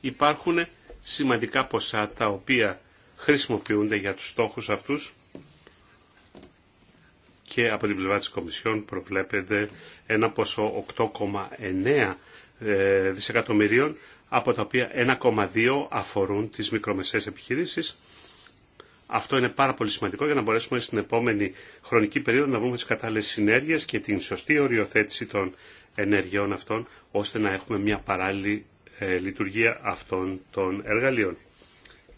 Υπάρχουν σημαντικά ποσά τα οποία χρησιμοποιούνται για τους στόχους αυτούς και από την πλευρά της Κομισιόν προβλέπεται ένα ποσό 8,9 ε, δισεκατομμυρίων, από τα οποία 1,2 αφορούν τις μικρομεσαίες επιχειρήσεις. Αυτό είναι πάρα πολύ σημαντικό για να μπορέσουμε στην επόμενη χρονική περίοδο να βρούμε τις κατάλληλες συνέργειες και την σωστή οριοθέτηση των ενεργειών αυτών, ώστε να έχουμε μια παράλληλη ε, λειτουργία αυτών των εργαλείων.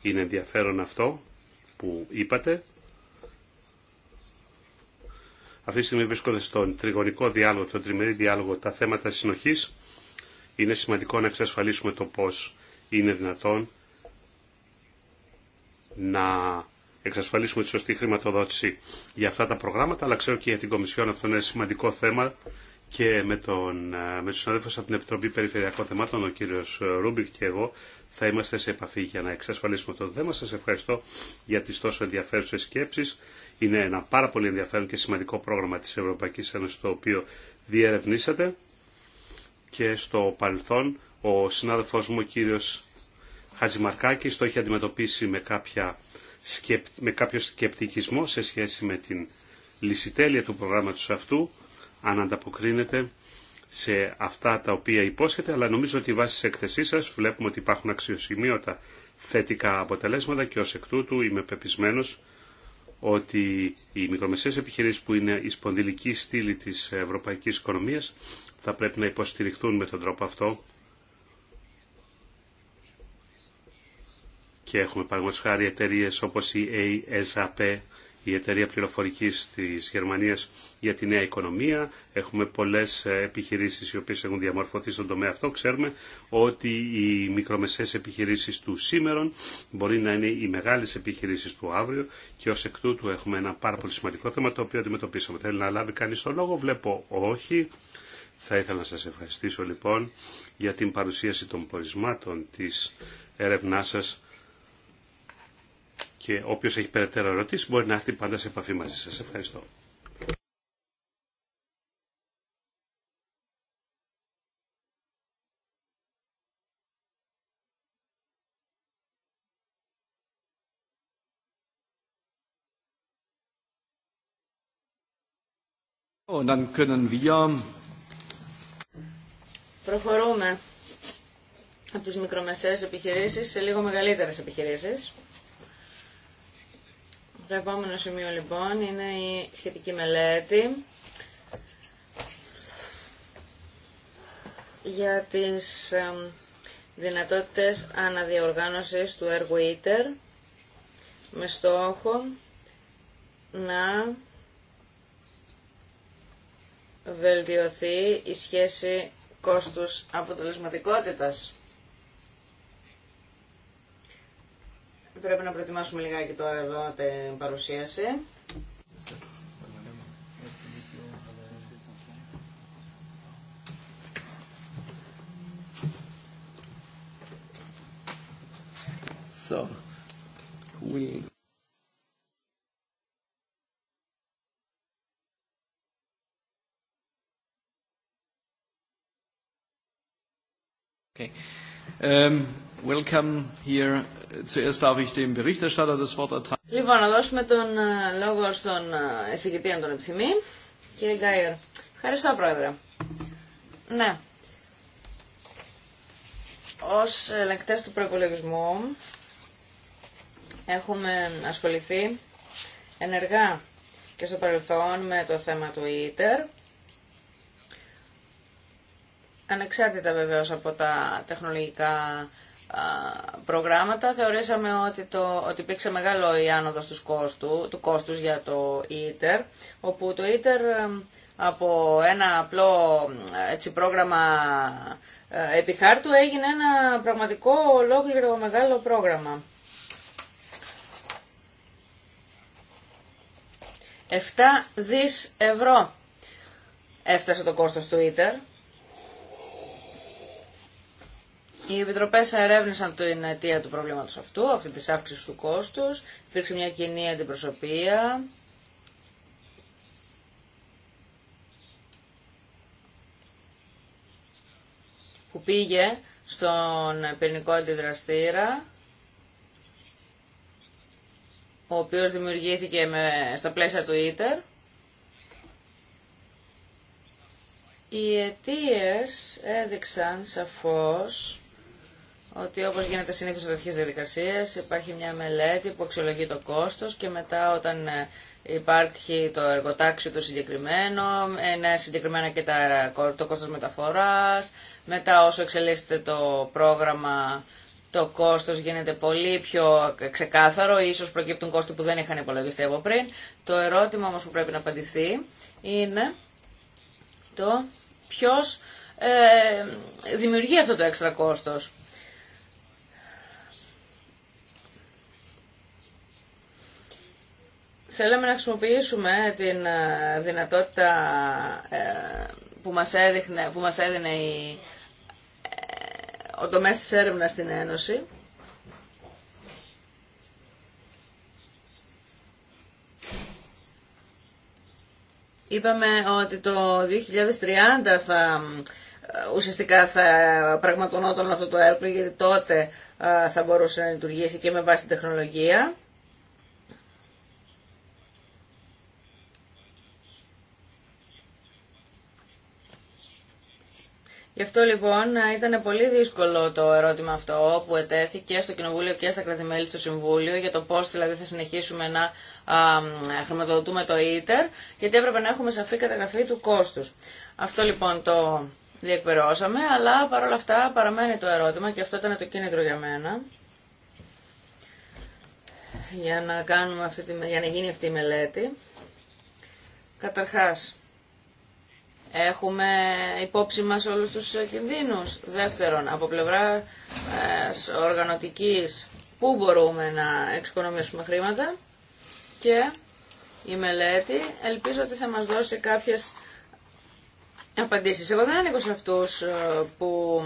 Είναι ενδιαφέρον αυτό που είπατε αυτή τη στιγμή βρίσκονται στον τριγωνικό διάλογο, τον τριμερή διάλογο, τα θέματα συνοχής. Είναι σημαντικό να εξασφαλίσουμε το πώς είναι δυνατόν να εξασφαλίσουμε τη σωστή χρηματοδότηση για αυτά τα προγράμματα, αλλά ξέρω και για την Κομισιόν αυτό είναι σημαντικό θέμα και με, τον, με τους συναδέλφους από την Επιτροπή Περιφερειακών Θεμάτων, ο κύριος Ρούμπικ και εγώ, θα είμαστε σε επαφή για να εξασφαλίσουμε το θέμα. Σας ευχαριστώ για τις τόσο ενδιαφέρουσες σκέψεις. Είναι ένα πάρα πολύ ενδιαφέρον και σημαντικό πρόγραμμα της Ευρωπαϊκής Ένωσης το οποίο διερευνήσατε και στο παρελθόν ο συνάδελφός μου ο κύριος Χαζημαρκάκης, το έχει αντιμετωπίσει με, κάποια με κάποιο σκεπτικισμό σε σχέση με την λυσιτέλεια του προγράμματος αυτού αν ανταποκρίνεται σε αυτά τα οποία υπόσχεται, αλλά νομίζω ότι βάσει τη έκθεσή σα βλέπουμε ότι υπάρχουν αξιοσημείωτα θετικά αποτελέσματα και ω εκ τούτου είμαι πεπισμένο ότι οι μικρομεσαίες επιχειρήσεις που είναι η σπονδυλική στήλη της ευρωπαϊκής οικονομίας θα πρέπει να υποστηριχθούν με τον τρόπο αυτό και έχουμε παραγωγικά εταιρείε όπως η ASAP η εταιρεία πληροφορικής της Γερμανίας για τη νέα οικονομία. Έχουμε πολλές ε, επιχειρήσεις οι οποίες έχουν διαμορφωθεί στον τομέα αυτό. Ξέρουμε ότι οι μικρομεσαίες επιχειρήσεις του σήμερα μπορεί να είναι οι μεγάλες επιχειρήσεις του αύριο και ως εκ τούτου έχουμε ένα πάρα πολύ σημαντικό θέμα το οποίο αντιμετωπίσαμε. Θέλει να λάβει κανείς το λόγο, βλέπω όχι. Θα ήθελα να σας ευχαριστήσω λοιπόν για την παρουσίαση των πορισμάτων της έρευνάς σας και όποιος έχει περαιτέρω ερωτήσει μπορεί να έρθει πάντα σε επαφή μαζί σας. Ευχαριστώ. Oh, Προχωρούμε από τις μικρομεσαίες επιχειρήσεις σε λίγο μεγαλύτερες επιχειρήσεις. Το επόμενο σημείο λοιπόν είναι η σχετική μελέτη για τις δυνατότητες αναδιοργάνωσης του έργου ΙΤΕΡ με στόχο να βελτιωθεί η σχέση κόστους αποτελεσματικότητας. Πρέπει να προετοιμάσουμε λιγάκι τώρα εδώ την παρουσίαση. So, we... Okay. Um... Λοιπόν, να δώσουμε τον ε, λόγο στον ε, εισηγητή αν τον επιθυμεί. Κύριε Γκάιερ, ευχαριστώ πρόεδρε. Ναι. Ως ελεγκτές του προπολογισμού έχουμε ασχοληθεί ενεργά και στο παρελθόν με το θέμα του ΙΤΕΡ ανεξάρτητα βεβαίως από τα τεχνολογικά προγράμματα θεωρήσαμε ότι, το, ότι υπήρξε μεγάλο η άνοδος του κόστου, του κόστους για το ίτερ, όπου το ίτερ ε, από ένα απλό έτσι, πρόγραμμα ε, επιχάρτου έγινε ένα πραγματικό ολόκληρο μεγάλο πρόγραμμα. 7 δις ευρώ έφτασε το κόστος του ίτερ Οι επιτροπέ ερεύνησαν την αιτία του προβλήματο αυτού, αυτή της αύξησης του κόστους. Υπήρξε μια κοινή αντιπροσωπεία. που πήγε στον πυρηνικό αντιδραστήρα ο οποίος δημιουργήθηκε στα πλαίσια του ΙΤΕΡ. Οι αιτίε έδειξαν σαφώς ότι όπω γίνεται συνήθω σε τέτοιε διαδικασίε, υπάρχει μια μελέτη που αξιολογεί το κόστος και μετά όταν ε, υπάρχει το εργοτάξιο το συγκεκριμένο, είναι συγκεκριμένα και τα, το κόστος μεταφοράς, μετά όσο εξελίσσεται το πρόγραμμα το κόστος γίνεται πολύ πιο ξεκάθαρο, ίσως προκύπτουν κόστη που δεν είχαν υπολογιστεί από πριν. Το ερώτημα όμως που πρέπει να απαντηθεί είναι το ποιος ε, δημιουργεί αυτό το έξτρα κόστος. Θέλαμε να χρησιμοποιήσουμε την ε, δυνατότητα ε, που μας, έδειχνε, που μας έδινε η, ε, ο τομέας της έρευνας στην Ένωση Είπαμε ότι το 2030 θα, ουσιαστικά θα πραγματονόταν αυτό το έργο γιατί τότε θα μπορούσε να λειτουργήσει και με βάση τεχνολογία. Γι' αυτό λοιπόν ήταν πολύ δύσκολο το ερώτημα αυτό που και στο Κοινοβούλιο και στα κρατημέλη του Συμβούλιο για το πώ δηλαδή θα συνεχίσουμε να α, χρηματοδοτούμε το ίτερ γιατί έπρεπε να έχουμε σαφή καταγραφή του κόστους. Αυτό λοιπόν το διεκπαιρώσαμε αλλά παρόλα αυτά παραμένει το ερώτημα και αυτό ήταν το κίνητρο για μένα για να, κάνουμε για να γίνει αυτή η μελέτη. Καταρχάς, Έχουμε υπόψη μας όλους τους ε, κινδύνους. Δεύτερον, από πλευρά ε, οργανωτικής, πού μπορούμε να εξοικονομήσουμε χρήματα. Και η μελέτη ελπίζω ότι θα μας δώσει κάποιες απαντήσεις. Εγώ δεν ανήκω σε αυτούς ε, που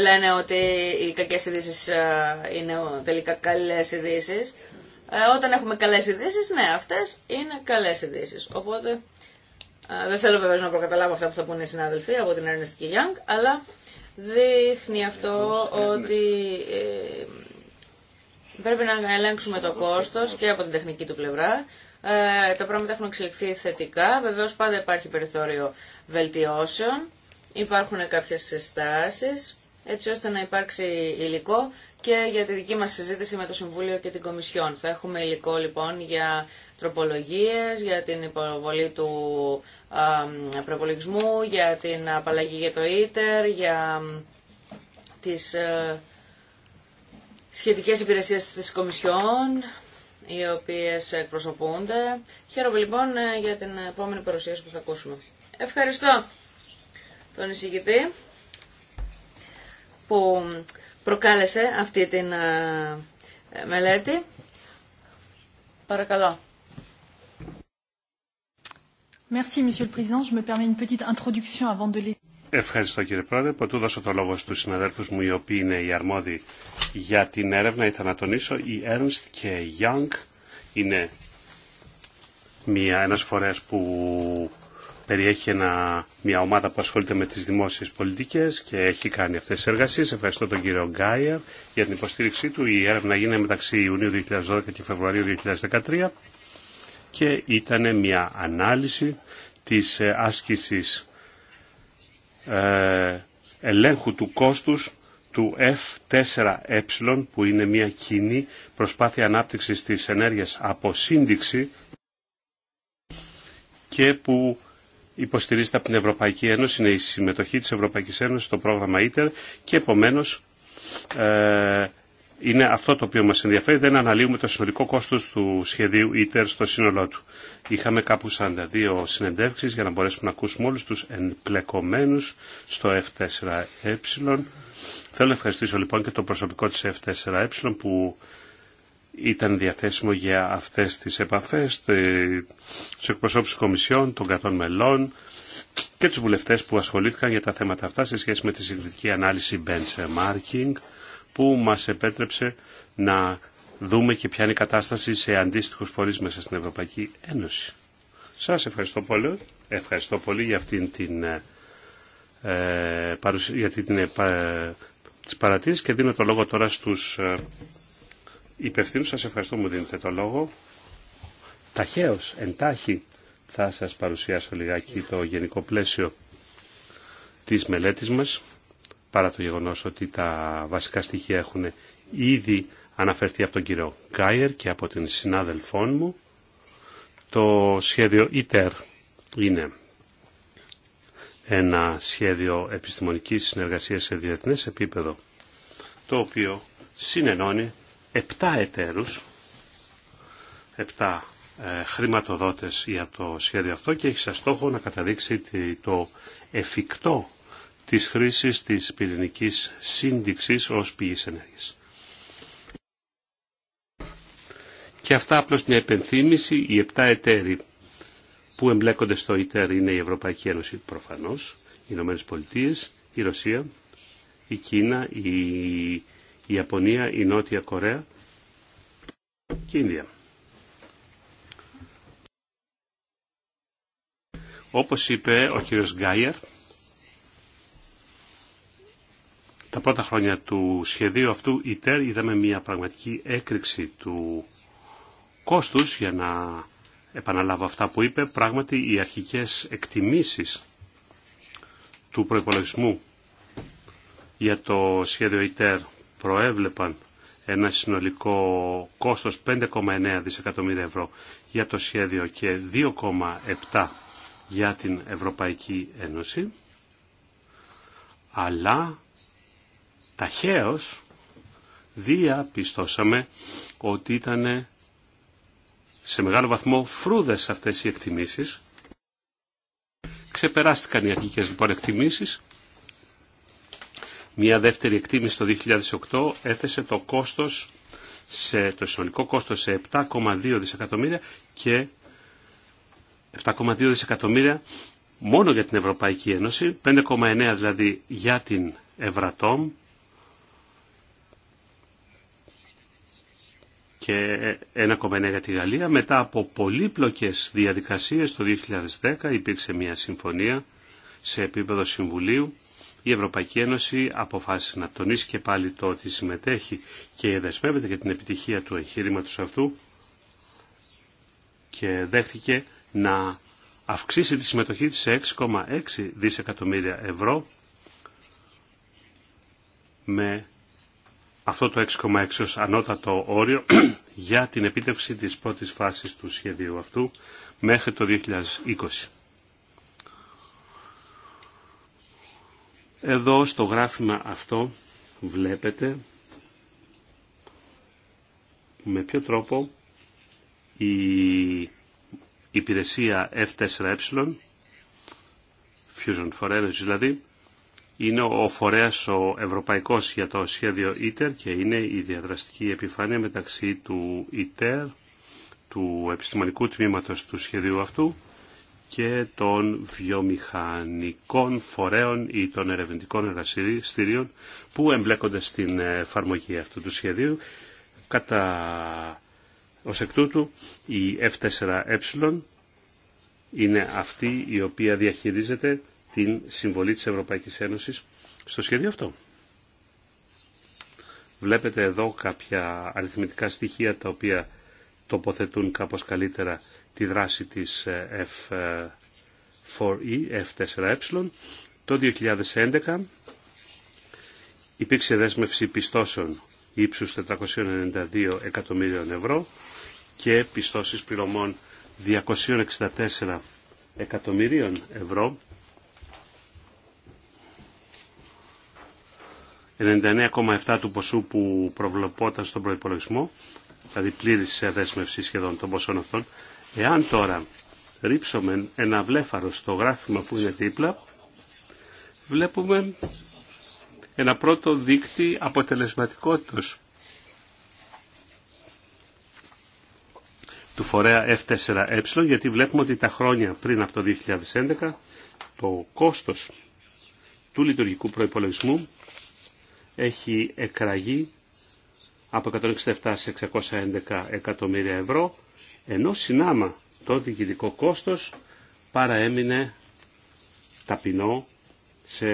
λένε ότι οι κακές ειδήσει είναι τελικά καλές ειδήσει. Ε, όταν έχουμε καλές ειδήσει, ναι, αυτές είναι καλές ειδήσει. Οπότε ε, δεν θέλω βεβαίω να προκαταλάβω αυτά που θα πούνε οι συνάδελφοι από την Ernest Young, αλλά δείχνει αυτό ότι ε, πρέπει να ελέγξουμε το κόστος και από την τεχνική του πλευρά. τα πράγματα έχουν εξελιχθεί θετικά. βεβαίω πάντα υπάρχει περιθώριο βελτιώσεων. Υπάρχουν κάποιε συστάσει έτσι ώστε να υπάρξει υλικό και για τη δική μας συζήτηση με το Συμβούλιο και την Κομισιόν. Θα έχουμε υλικό λοιπόν για τροπολογίες, για την υποβολή του προπολογισμού, για την απαλλαγή για το ίτερ, για τις ε, σχετικές υπηρεσίες της Κομισιόν, οι οποίες εκπροσωπούνται. Χαίρομαι λοιπόν ε, για την επόμενη παρουσίαση που θα ακούσουμε. Ευχαριστώ τον εισηγητή που προκάλεσε αυτή την ε, μελέτη. Παρακαλώ. Ευχαριστώ κύριε Πρόεδρε. του δώσω το λόγο στους συναδέλφους μου οι οποίοι είναι οι αρμόδιοι για την έρευνα. Ήθελα να τονίσω η Ernst και Young είναι μια, ένας φορέας που περιέχει μια ομάδα που ασχολείται με τις δημόσιες πολιτικές και έχει κάνει αυτές τις εργασίες. Ευχαριστώ τον κύριο Γκάιερ για την υποστήριξή του. Η έρευνα γίνεται μεταξύ Ιουνίου 2012 και Φεβρουαρίου 2013 και ήταν μια ανάλυση της ε, άσκησης ε, ελέγχου του κόστους του F4E ε, που είναι μια κοινή προσπάθεια ανάπτυξης της ενέργειας από σύνδεξη και που υποστηρίζεται από την Ευρωπαϊκή Ένωση, είναι η συμμετοχή της Ευρωπαϊκής Ένωσης στο πρόγραμμα ITER και επομένως ε, είναι αυτό το οποίο μας ενδιαφέρει, δεν αναλύουμε το συνολικό κόστος του σχεδίου ITER στο σύνολό του. Είχαμε κάπου 42 συνεντεύξεις για να μπορέσουμε να ακούσουμε όλους τους εμπλεκομένους στο F4E. Ε. Θέλω να ευχαριστήσω λοιπόν και το προσωπικό της F4E ε, που ήταν διαθέσιμο για αυτές τις επαφές, του εκπροσώπους κομισιών, των Κατών μελών και τους βουλευτές που ασχολήθηκαν για τα θέματα αυτά σε σχέση με τη συγκριτική ανάλυση benchmarking που μας επέτρεψε να δούμε και ποια είναι η κατάσταση σε αντίστοιχους φορείς μέσα στην Ευρωπαϊκή Ένωση. Σας ευχαριστώ πολύ, ευχαριστώ πολύ για αυτήν την, ε, ε παρουσία, ε, και δίνω το λόγο τώρα στους ε, υπευθύνου. Σας ευχαριστώ που μου δίνετε το λόγο. Ταχαίως, εντάχει, θα σας παρουσιάσω λιγάκι το γενικό πλαίσιο της μελέτης μας, παρά το γεγονός ότι τα βασικά στοιχεία έχουν ήδη αναφερθεί από τον κύριο Γκάιερ και από την συνάδελφόν μου. Το σχέδιο ITER είναι ένα σχέδιο επιστημονικής συνεργασίας σε διεθνές επίπεδο, το οποίο συνενώνει επτά εταίρους, επτά ε, χρηματοδότες για το σχέδιο αυτό και έχει σαν στόχο να καταδείξει το εφικτό της χρήσης της πυρηνικής σύνδεξης ως πηγής ενέργειας. Και αυτά απλώς μια επενθύμηση, οι επτά εταίροι που εμπλέκονται στο ΙΤΕΡ είναι η Ευρωπαϊκή Ένωση προφανώς, οι Ηνωμένες Πολιτείες, η Ρωσία, η Κίνα, η η Ιαπωνία, η Νότια Κορέα και η Ινδία. Όπως είπε ο κύριος Γκάιερ, τα πρώτα χρόνια του σχεδίου αυτού η ΤΕΡ είδαμε μια πραγματική έκρηξη του κόστους για να επαναλάβω αυτά που είπε πράγματι οι αρχικές εκτιμήσεις του προϋπολογισμού για το σχέδιο ΙΤΕΡ προέβλεπαν ένα συνολικό κόστος 5,9 δισεκατομμύρια ευρώ για το σχέδιο και 2,7 για την Ευρωπαϊκή Ένωση, αλλά ταχαίως διαπιστώσαμε ότι ήταν σε μεγάλο βαθμό φρούδες αυτές οι εκτιμήσεις. Ξεπεράστηκαν οι αρχικές λοιπόν εκτιμήσεις μια δεύτερη εκτίμηση το 2008 έθεσε το κόστος σε, το συνολικό κόστος σε 7,2 δισεκατομμύρια και 7,2 δισεκατομμύρια μόνο για την Ευρωπαϊκή Ένωση, 5,9 δηλαδή για την Ευρατόμ και 1,9 για τη Γαλλία. Μετά από πολύπλοκες διαδικασίες το 2010 υπήρξε μια συμφωνία σε επίπεδο Συμβουλίου η Ευρωπαϊκή Ένωση αποφάσισε να τονίσει και πάλι το ότι συμμετέχει και δεσμεύεται για την επιτυχία του εγχείρηματος αυτού και δέχτηκε να αυξήσει τη συμμετοχή της σε 6,6 δισεκατομμύρια ευρώ με αυτό το 6,6 ως ανώτατο όριο για την επίτευξη της πρώτης φάσης του σχεδίου αυτού μέχρι το 2020. Εδώ στο γράφημα αυτό βλέπετε με ποιο τρόπο η υπηρεσία F4E, ε, Fusion for Energy δηλαδή, είναι ο φορέας ο ευρωπαϊκός για το σχέδιο ITER και είναι η διαδραστική επιφάνεια μεταξύ του ITER, του επιστημονικού τμήματος του σχεδίου αυτού και των βιομηχανικών φορέων ή των ερευνητικών εργαστηρίων που εμπλέκονται στην εφαρμογή αυτού του σχεδίου. Κατά ως εκ τούτου η F4E ε είναι αυτή η οποία διαχειρίζεται την συμβολή της Ευρωπαϊκής Ένωσης στο σχέδιο αυτό. Βλέπετε εδώ κάποια αριθμητικά στοιχεία τα οποία τοποθετούν κάπως καλύτερα τη δράση της F4E, ε, F4E. Ε, ε, Το 2011 υπήρξε δέσμευση πιστώσεων ύψους 492 εκατομμύριων ευρώ και πιστώσεις πληρωμών 264 εκατομμυρίων ευρώ 99,7 του ποσού που προβλεπόταν στον προϋπολογισμό δηλαδή πλήρης δέσμευση σχεδόν των ποσών αυτών Εάν τώρα ρίψουμε ένα βλέφαρο στο γράφημα που είναι δίπλα, βλέπουμε ένα πρώτο δίκτυ αποτελεσματικότητας του φορέα F4E, ε, γιατί βλέπουμε ότι τα χρόνια πριν από το 2011 το κόστος του λειτουργικού προϋπολογισμού έχει εκραγεί από 167 σε 611 εκατομμύρια ευρώ ενώ συνάμα το διοικητικό κόστος παραέμεινε ταπεινό σε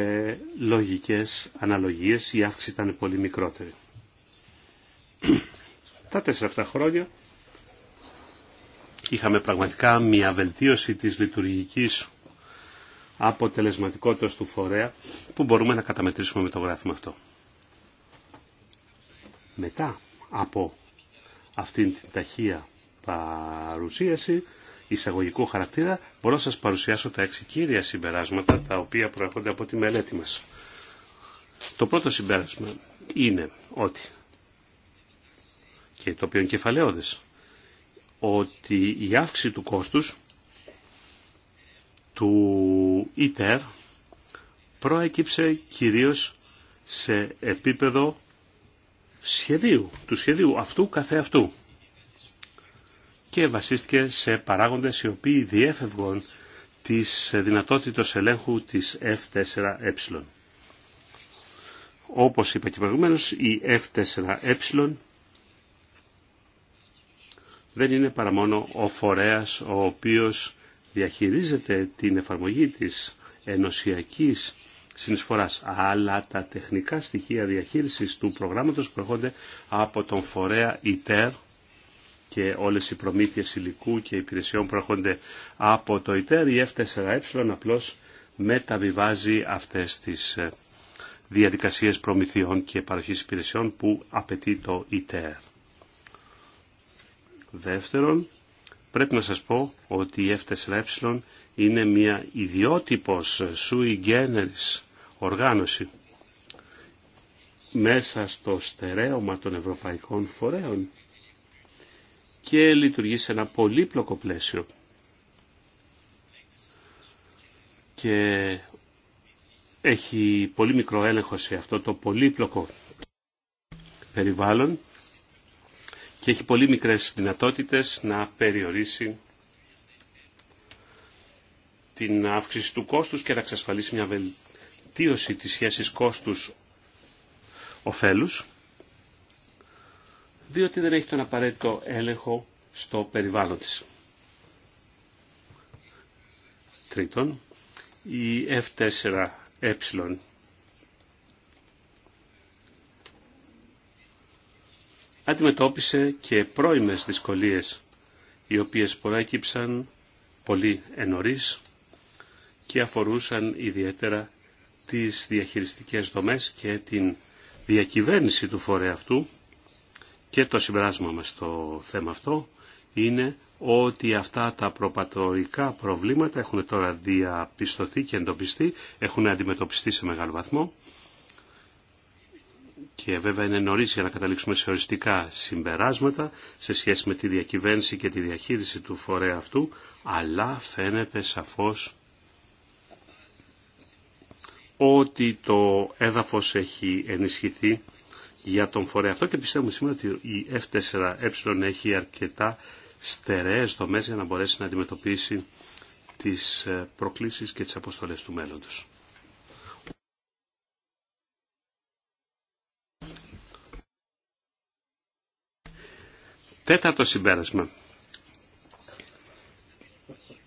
λογικές αναλογίες, η αύξηση ήταν πολύ μικρότερη. Τα τέσσερα αυτά χρόνια είχαμε πραγματικά μια βελτίωση της λειτουργικής αποτελεσματικότητας του φορέα που μπορούμε να καταμετρήσουμε με το γράφημα αυτό. Μετά από αυτήν την ταχεία παρουσίαση εισαγωγικού χαρακτήρα μπορώ να σας παρουσιάσω τα έξι κύρια συμπεράσματα τα οποία προέρχονται από τη μελέτη μας. Το πρώτο συμπέρασμα είναι ότι και το οποίο είναι ότι η αύξηση του κόστους του ΙΤΕΡ προέκυψε κυρίως σε επίπεδο σχεδίου, του σχεδίου αυτού καθεαυτού και βασίστηκε σε παράγοντες οι οποίοι διέφευγαν της δυνατότητας ελέγχου της F4E. Ε. Όπως είπα και προηγουμένως, η F4E ε δεν είναι παρά μόνο ο φορέας ο οποίος διαχειρίζεται την εφαρμογή της ενωσιακής συνεισφοράς, αλλά τα τεχνικά στοιχεία διαχείρισης του προγράμματος προχώνται από τον φορέα ITER, και όλες οι προμήθειες υλικού και υπηρεσιών έρχονται από το ΙΤΕΡ, η F4E ε μεταβιβάζει αυτές τις ε, διαδικασίες προμηθειών και παροχής υπηρεσιών που απαιτεί το ΙΤΕΡ. Δεύτερον, πρέπει να σας πω ότι η F4E ε ειναι μια ιδιότυπος sui generis οργάνωση μέσα στο στερέωμα των ευρωπαϊκών φορέων και λειτουργεί σε ένα πολύπλοκο πλαίσιο. Και έχει πολύ μικρό έλεγχο σε αυτό το πολύπλοκο περιβάλλον και έχει πολύ μικρές δυνατότητες να περιορίσει την αύξηση του κόστους και να εξασφαλίσει μια βελτίωση της σχέσης κόστους-οφέλους διότι δεν έχει τον απαραίτητο έλεγχο στο περιβάλλον της. Τρίτον, η F4E ε αντιμετώπισε και πρώιμες δυσκολίες, οι οποίες προέκυψαν πολύ ενωρίς και αφορούσαν ιδιαίτερα τις διαχειριστικές δομές και την διακυβέρνηση του φορέα αυτού και το συμπεράσμα μας στο θέμα αυτό είναι ότι αυτά τα προπατορικά προβλήματα έχουν τώρα διαπιστωθεί και εντοπιστεί, έχουν αντιμετωπιστεί σε μεγάλο βαθμό και βέβαια είναι νωρίς για να καταλήξουμε σε οριστικά συμπεράσματα σε σχέση με τη διακυβέρνηση και τη διαχείριση του φορέα αυτού, αλλά φαίνεται σαφώς ότι το έδαφος έχει ενισχυθεί για τον φορέα αυτό και πιστεύουμε σήμερα ότι η F4E ε έχει αρκετά στερεές δομές για να μπορέσει να αντιμετωπίσει τις ε, προκλήσεις και τις αποστολές του μέλλοντος. Τέταρτο συμπέρασμα.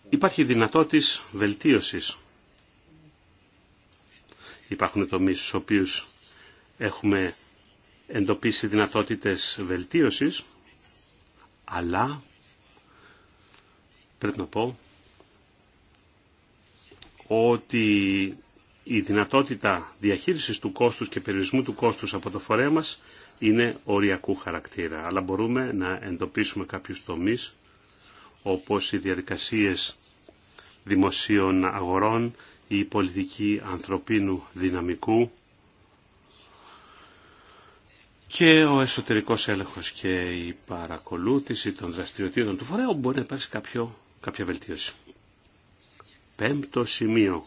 Υπάρχει δυνατότης βελτίωσης. Υπάρχουν τομείς στους οποίους έχουμε εντοπίσει δυνατότητες βελτίωσης, αλλά πρέπει να πω ότι η δυνατότητα διαχείρισης του κόστους και περιορισμού του κόστους από το φορέα μας είναι οριακού χαρακτήρα. Αλλά μπορούμε να εντοπίσουμε κάποιους τομείς όπως οι διαδικασίες δημοσίων αγορών, η πολιτική ανθρωπίνου δυναμικού, και ο εσωτερικός έλεγχος και η παρακολούθηση των δραστηριοτήτων του φορέα μπορεί να υπάρξει κάποιο, κάποια βελτίωση. Πέμπτο σημείο.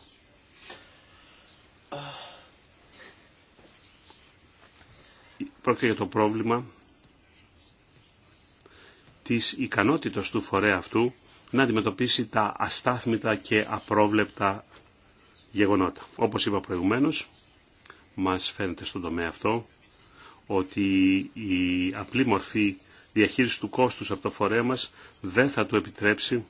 Πρόκειται για το πρόβλημα της ικανότητας του φορέα αυτού να αντιμετωπίσει τα αστάθμητα και απρόβλεπτα γεγονότα. Όπως είπα προηγουμένως, μας φαίνεται στον τομέα αυτό ότι η απλή μορφή διαχείρισης του κόστους από το φορέα μας δεν θα του επιτρέψει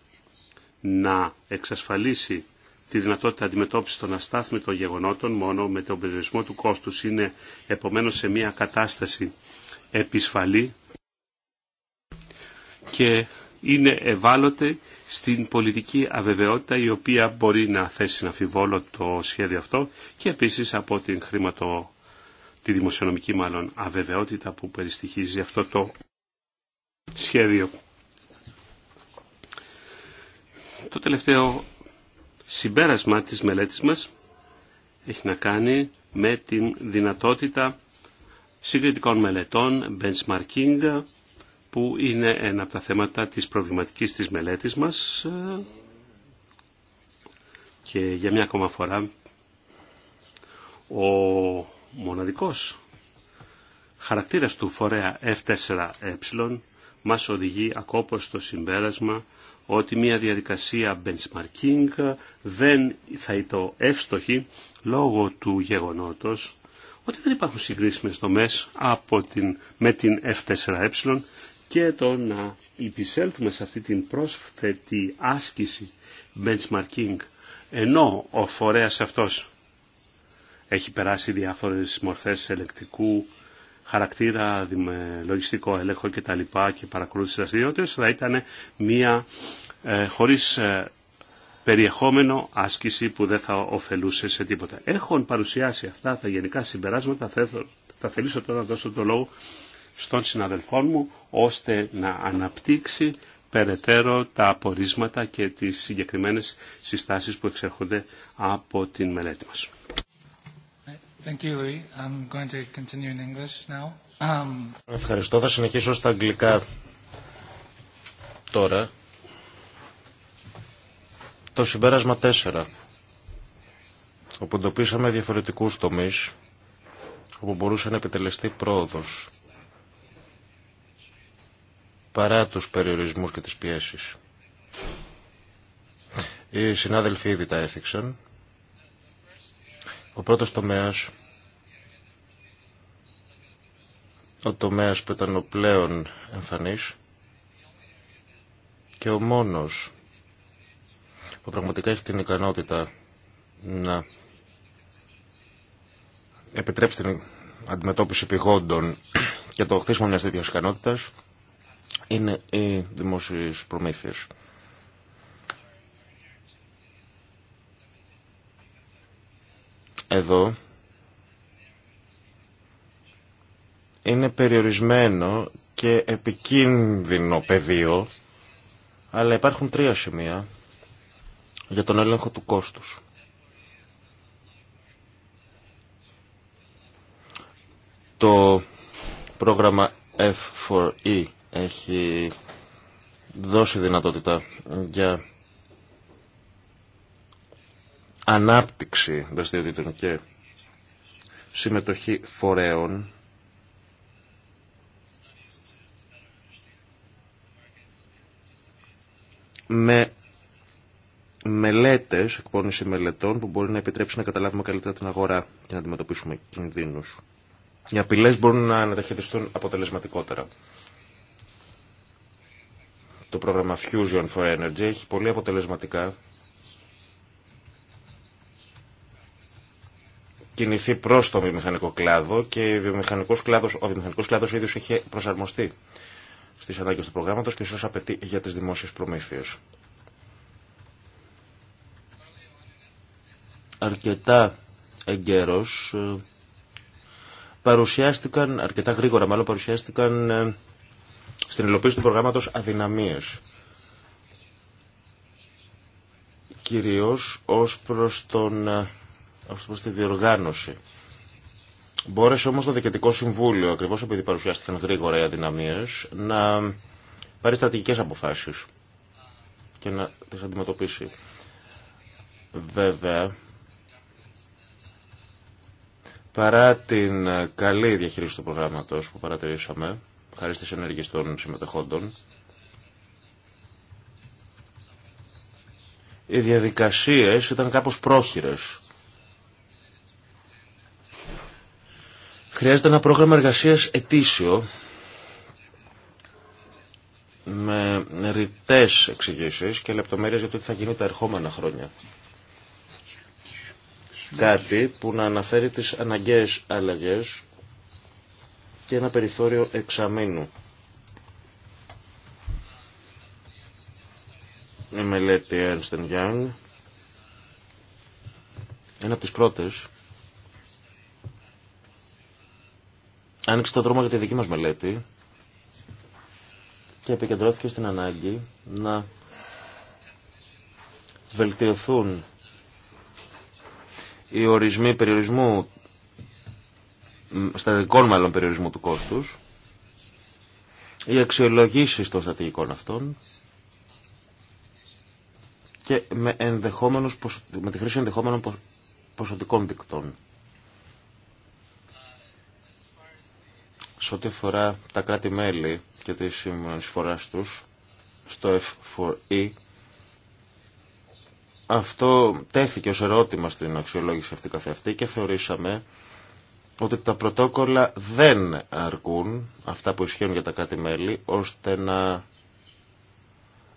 να εξασφαλίσει τη δυνατότητα αντιμετώπισης των αστάθμιτων γεγονότων μόνο με τον περιορισμό του κόστους είναι επομένως σε μια κατάσταση επισφαλή και είναι ευάλωτε στην πολιτική αβεβαιότητα η οποία μπορεί να θέσει να αφιβόλω το σχέδιο αυτό και επίσης από την χρηματο τη δημοσιονομική μάλλον αβεβαιότητα που περιστοιχίζει αυτό το σχέδιο. Το τελευταίο συμπέρασμα της μελέτης μας έχει να κάνει με την δυνατότητα συγκριτικών μελετών, benchmarking, που είναι ένα από τα θέματα της προβληματικής της μελέτης μας και για μια ακόμα φορά ο μοναδικός χαρακτήρας του φορέα F4E μας οδηγεί ακόμα στο συμπέρασμα ότι μια διαδικασία benchmarking δεν θα ήταν εύστοχη λόγω του γεγονότος ότι δεν υπάρχουν συγκρίσιμες δομές από την, με την F4E και το να υπησέλθουμε σε αυτή την πρόσθετη άσκηση benchmarking ενώ ο φορέας αυτός έχει περάσει διάφορες μορφές ελεκτικού χαρακτήρα, λογιστικό έλεγχο κτλ. και τα λοιπά και παρακολούθηση θα ήταν μια ε, χωρίς ε, περιεχόμενο άσκηση που δεν θα ωφελούσε σε τίποτα. Έχουν παρουσιάσει αυτά τα γενικά συμπεράσματα, θα, θα θελήσω τώρα να δώσω το λόγο στον συναδελφό μου, ώστε να αναπτύξει περαιτέρω τα απορίσματα και τις συγκεκριμένες συστάσεις που εξέρχονται από την μελέτη μας. Ευχαριστώ. Θα συνεχίσω στα αγγλικά τώρα. Το συμπέρασμα 4, όπου εντοπίσαμε διαφορετικούς τομείς, όπου μπορούσε να επιτελεστεί πρόοδος, παρά τους περιορισμούς και τις πιέσεις. Οι συνάδελφοι ήδη τα έθιξαν. Ο πρώτος τομέας, ο τομέας που ήταν ο πλέον εμφανής και ο μόνος που πραγματικά έχει την ικανότητα να επιτρέψει την αντιμετώπιση πηγόντων και το χτίσμα μιας τέτοιας ικανότητας είναι οι δημόσιες προμήθειες. εδώ είναι περιορισμένο και επικίνδυνο πεδίο, αλλά υπάρχουν τρία σημεία για τον έλεγχο του κόστους. Το πρόγραμμα F4E έχει δώσει δυνατότητα για ανάπτυξη δραστηριοτήτων και συμμετοχή φορέων με μελέτες, εκπόνηση μελετών που μπορεί να επιτρέψει να καταλάβουμε καλύτερα την αγορά και να αντιμετωπίσουμε κινδύνους. Οι απειλές μπορούν να αναταχαιριστούν αποτελεσματικότερα. Το πρόγραμμα Fusion for Energy έχει πολύ αποτελεσματικά κινηθεί προ το βιομηχανικό κλάδο και ο βιομηχανικό κλάδο ο βιομηχανικός κλάδος ίδιος είχε προσαρμοστεί στις ανάγκες του προγράμματος και σα απαιτεί για τις δημόσιες προμήθειες. Αρκετά εγκαίρως ε, παρουσιάστηκαν, αρκετά γρήγορα μάλλον παρουσιάστηκαν ε, στην υλοποίηση του προγράμματο αδυναμίες. Κυρίως ως προς τον ε, προς τη διοργάνωση. Μπόρεσε όμως το Διοικητικό Συμβούλιο, ακριβώς επειδή παρουσιάστηκαν γρήγορα οι αδυναμίες, να πάρει στρατηγικές αποφάσεις και να τις αντιμετωπίσει. Βέβαια, παρά την καλή διαχείριση του προγράμματος που παρατηρήσαμε, χάρη στις ενέργειες των συμμετεχόντων, οι διαδικασίες ήταν κάπως πρόχειρες Χρειάζεται ένα πρόγραμμα εργασίας ετήσιο με ρητές εξηγήσεις και λεπτομέρειες για το τι θα γίνει τα ερχόμενα χρόνια. Κάτι που να αναφέρει τις αναγκαίες αλλαγές και ένα περιθώριο εξαμήνου. Η μελέτη Ernst Young, ένα από τις πρώτες άνοιξε το δρόμο για τη δική μας μελέτη και επικεντρώθηκε στην ανάγκη να βελτιωθούν οι ορισμοί περιορισμού στατικών μάλλον περιορισμού του κόστους οι αξιολογήσει των στατικών αυτών και με, ενδεχόμενους, με τη χρήση ενδεχόμενων ποσοτικών δικτών. σε ό,τι αφορά τα κράτη-μέλη και τη συμφορά τους στο F4E, αυτό τέθηκε ως ερώτημα στην αξιολόγηση αυτή καθεαυτή και θεωρήσαμε ότι τα πρωτόκολλα δεν αρκούν, αυτά που ισχύουν για τα κράτη-μέλη, ώστε να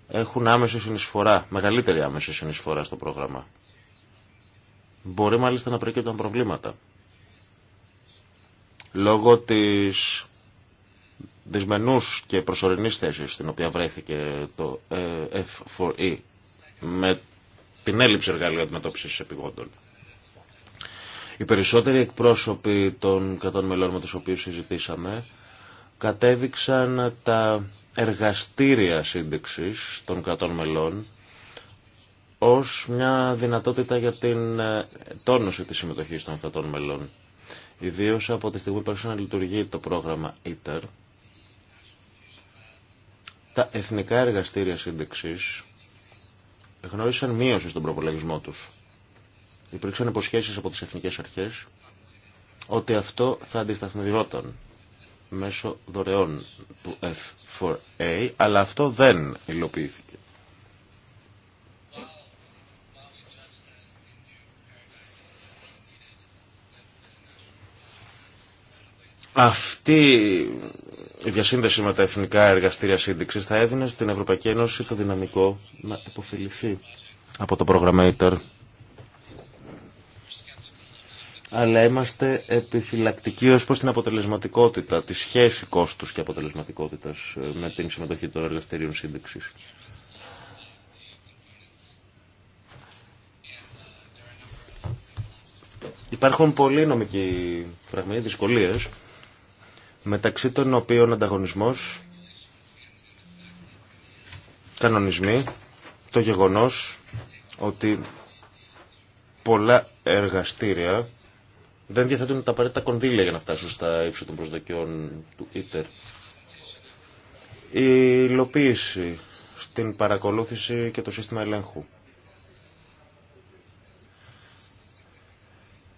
έχουν άμεση συνεισφορά, μεγαλύτερη άμεση συνεισφορά στο πρόγραμμα. Μπορεί μάλιστα να προκύπτουν προβλήματα λόγω της δυσμενούς και προσωρινής θέσης στην οποία βρέθηκε το ε, F4E με την έλλειψη εργαλείου αντιμετώπισης επιγόντων. Οι περισσότεροι εκπρόσωποι των κρατών μελών με τους οποίους συζητήσαμε κατέδειξαν τα εργαστήρια σύνδεξης των κρατών μελών ως μια δυνατότητα για την ε, τόνωση της συμμετοχής των κρατών μελών. Ιδίω από τη στιγμή που άρχισε να λειτουργεί το πρόγραμμα ITER, τα εθνικά εργαστήρια σύνδεξη γνώρισαν μείωση στον προπολογισμό του. Υπήρξαν υποσχέσει από τι εθνικέ αρχέ ότι αυτό θα αντισταθμιδιόταν μέσω δωρεών του F4A, αλλά αυτό δεν υλοποιήθηκε. Αυτή η διασύνδεση με τα εθνικά εργαστήρια σύνδεξη θα έδινε στην Ευρωπαϊκή Ένωση το δυναμικό να υποφεληθεί από το Programmator. Αλλά είμαστε επιφυλακτικοί ως προς την αποτελεσματικότητα, τη σχέση κόστους και αποτελεσματικότητας ε, με την συμμετοχή των εργαστηρίων σύνδεξης. Υπάρχουν πολλοί νομικοί πραγματικοί δυσκολίες μεταξύ των οποίων ανταγωνισμός, κανονισμοί, το γεγονός ότι πολλά εργαστήρια δεν διαθέτουν τα απαραίτητα κονδύλια για να φτάσουν στα ύψη των προσδοκιών του ΙΤΕΡ. Η υλοποίηση στην παρακολούθηση και το σύστημα ελέγχου.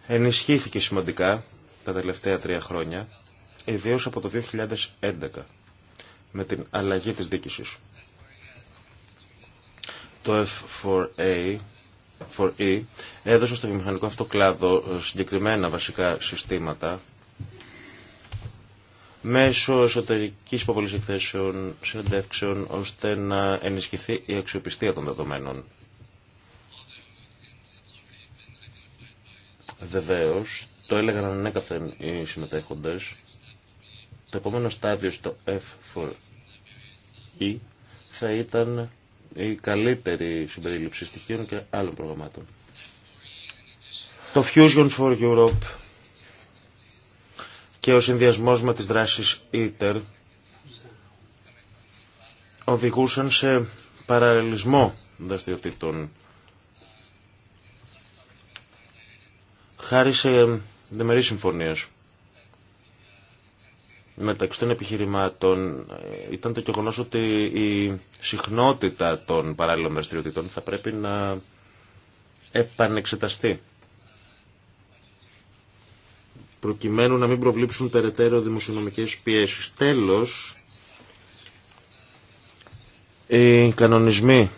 Ενισχύθηκε σημαντικά τα τελευταία τρία χρόνια ιδίως από το 2011, με την αλλαγή της δίκησης. Το F4A, 4E, έδωσε στο βιομηχανικό αυτό κλάδο ε, συγκεκριμένα βασικά συστήματα μέσω εσωτερικής υποβολής εκθέσεων, συνεντεύξεων, ώστε να ενισχυθεί η αξιοπιστία των δεδομένων. Βεβαίω, το έλεγαν ανέκαθεν οι συμμετέχοντες, το επόμενο στάδιο στο F4E θα ήταν η καλύτερη συμπερίληψη στοιχείων και άλλων προγραμμάτων. Το Fusion for Europe και ο συνδυασμός με τις δράσεις ITER οδηγούσαν σε παραλληλισμό δραστηριοτήτων. Χάρη σε δεμερείς συμφωνίες μεταξύ των επιχειρημάτων ε, ήταν το γεγονό ότι η συχνότητα των παράλληλων δραστηριοτήτων θα πρέπει να επανεξεταστεί προκειμένου να μην προβλήψουν περαιτέρω δημοσιονομικές πιέσεις. Τέλος, οι κανονισμοί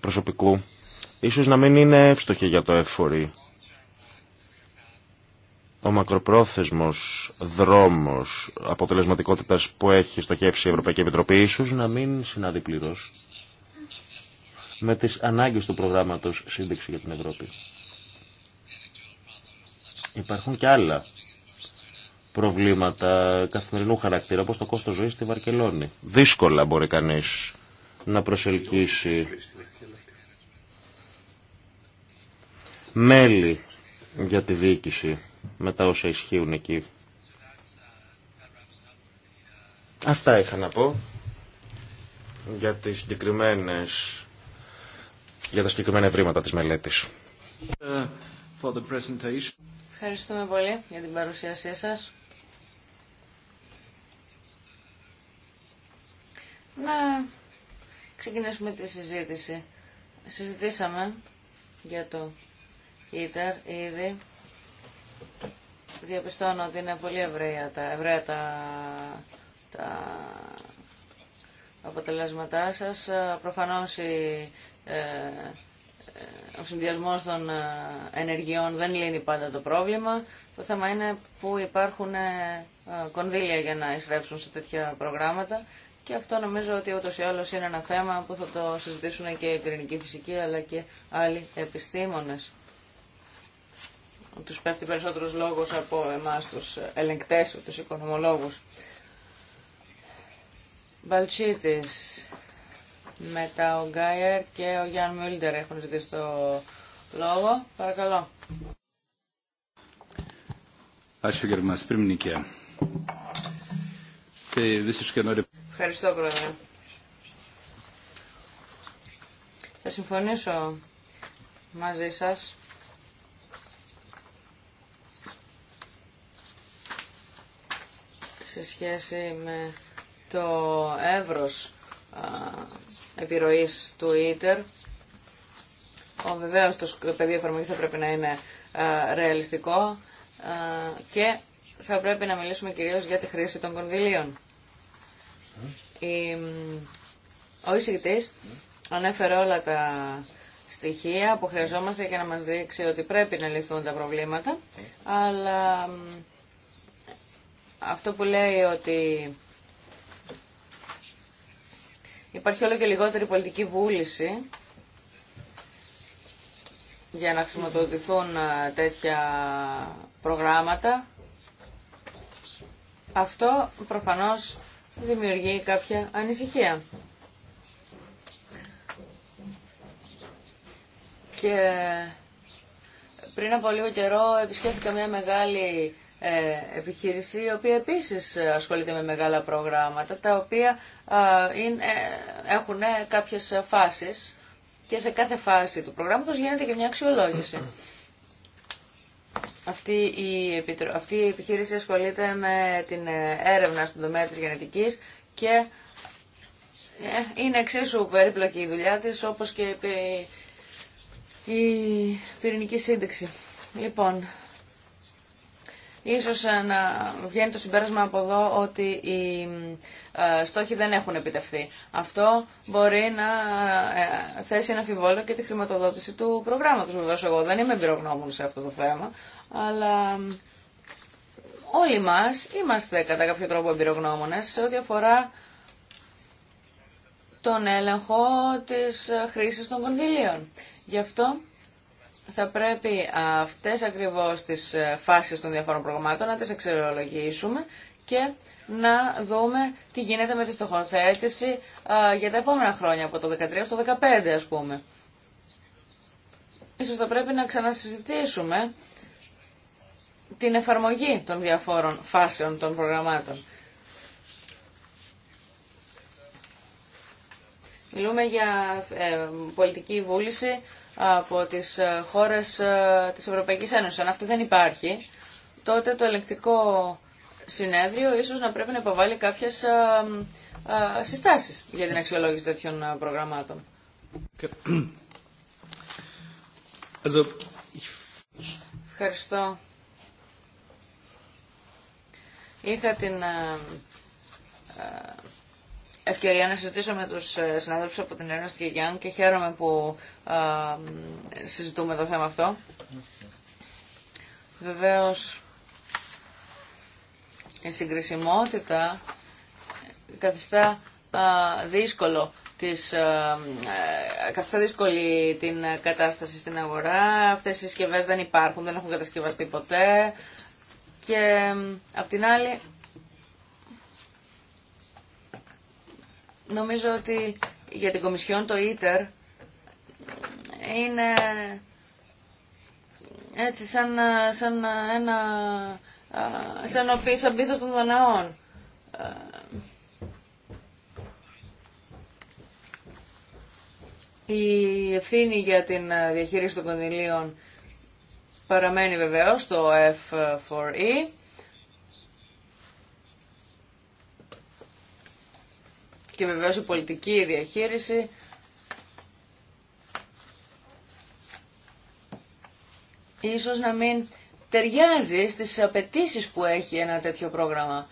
προσωπικού ίσως να μην είναι εύστοχοι για το εφορί ο μακροπρόθεσμος δρόμος αποτελεσματικότητας που έχει στοχεύσει η Ευρωπαϊκή Επιτροπή ίσως να μην συνάδει πλήρως με τις ανάγκες του προγράμματος σύνδεξη για την Ευρώπη. Υπάρχουν και άλλα προβλήματα καθημερινού χαρακτήρα, όπως το κόστος ζωής στη Βαρκελόνη. Δύσκολα μπορεί κανείς να προσελκύσει μέλη για τη διοίκηση με τα όσα ισχύουν εκεί. Αυτά είχα να πω για, τις συγκεκριμένες, για τα συγκεκριμένα ευρήματα της μελέτης. Ευχαριστούμε πολύ για την παρουσίασή σας. Να ξεκινήσουμε τη συζήτηση. Συζητήσαμε για το ΙΤΑΡ ήδη διαπιστώνω ότι είναι πολύ ευρέα τα, τα, τα αποτελέσματά σας. Ε, προφανώς ε, ε, ο συνδυασμός των ε, ενεργειών δεν λύνει πάντα το πρόβλημα. Το θέμα είναι που υπάρχουν κονδύλια για να εισρέψουν σε τέτοια προγράμματα και αυτό νομίζω ότι ούτως ή άλλως είναι ένα θέμα που θα το συζητήσουν και η πυρηνική φυσική αλλά και άλλοι επιστήμονες τους πέφτει περισσότερος λόγος από εμάς τους ελεγκτές, τους οικονομολόγους. Βαλτσίτης, μετά ο Γκάιερ και ο Γιάνν Μιούλντερ έχουν ζητήσει το λόγο. Παρακαλώ. Ευχαριστώ, Πρόεδρε. Θα συμφωνήσω μαζί σας σε σχέση με το εύρος επιρροής του ίτερ. Βεβαίως, το πεδίο εφαρμογή θα πρέπει να είναι ρεαλιστικό και θα πρέπει να μιλήσουμε κυρίως για τη χρήση των κονδυλίων. Ο εισηγητής ανέφερε όλα τα στοιχεία που χρειαζόμαστε για να μας δείξει ότι πρέπει να λυθούν τα προβλήματα, αλλά αυτό που λέει ότι υπάρχει όλο και λιγότερη πολιτική βούληση για να χρησιμοποιηθούν ε, τέτοια προγράμματα. Αυτό προφανώς δημιουργεί κάποια ανησυχία. Και πριν από λίγο καιρό επισκέφθηκα μια μεγάλη ε, επιχείρηση η οποία επίσης ασχολείται με μεγάλα προγράμματα τα οποία είναι, ε, έχουν ε, κάποιες φάσεις και σε κάθε φάση του προγράμματος γίνεται και μια αξιολόγηση. Αυτή η, αυτή η επιχείρηση ασχολείται με την έρευνα στον τομέα της γενετικής και είναι εξίσου περίπλοκη η δουλειά της όπως και η πυρηνική σύνδεξη. Λοιπόν, Ίσως ε, να βγαίνει το συμπέρασμα από εδώ ότι οι ε, στόχοι δεν έχουν επιτευχθεί. Αυτό μπορεί να ε, θέσει ένα αμφιβόλο και τη χρηματοδότηση του προγράμματος. Βεβαίως εγώ δεν είμαι εμπειρογνώμων σε αυτό το θέμα, αλλά όλοι μας είμαστε κατά κάποιο τρόπο εμπειρογνώμονες σε ό,τι αφορά τον έλεγχο της χρήσης των κονδυλίων. Γι' αυτό θα πρέπει αυτές ακριβώς τις ε, φάσεις των διαφόρων προγραμμάτων να τις εξερολογήσουμε και να δούμε τι γίνεται με τη στοχοθέτηση ε, για τα επόμενα χρόνια, από το 2013 στο 2015 ας πούμε. Ίσως θα πρέπει να ξανασυζητήσουμε την εφαρμογή των διαφόρων φάσεων των προγραμμάτων. Μιλούμε για ε, πολιτική βούληση από τις ε, χώρες ε, της Ευρωπαϊκής Ένωσης. Αν αυτή δεν υπάρχει, τότε το ελεκτικό συνέδριο ίσως να πρέπει να υποβάλει κάποιες ε, συστάσεις για την αξιολόγηση τέτοιων προγραμμάτων. Ευχαριστώ. Είχα την ευκαιρία να συζητήσω με τους ε, συναδέλφους από την Ένωση και και χαίρομαι που ε, συζητούμε το θέμα αυτό. Βεβαίως, η συγκρισιμότητα καθιστά ε, δύσκολο της, καθιστά δύσκολη την κατάσταση στην αγορά. Αυτές οι συσκευές δεν υπάρχουν, δεν έχουν κατασκευαστεί ποτέ. Και απ' την άλλη Νομίζω ότι για την Κομισιόν το ίτερ είναι έτσι σαν, σαν ένα σαν ο πίθος των Δαναών. Η ευθύνη για την διαχείριση των κονδυλίων παραμένει βεβαίως στο F4E και βεβαίως η πολιτική διαχείριση. Ίσως να μην ταιριάζει στις απαιτήσει που έχει ένα τέτοιο πρόγραμμα.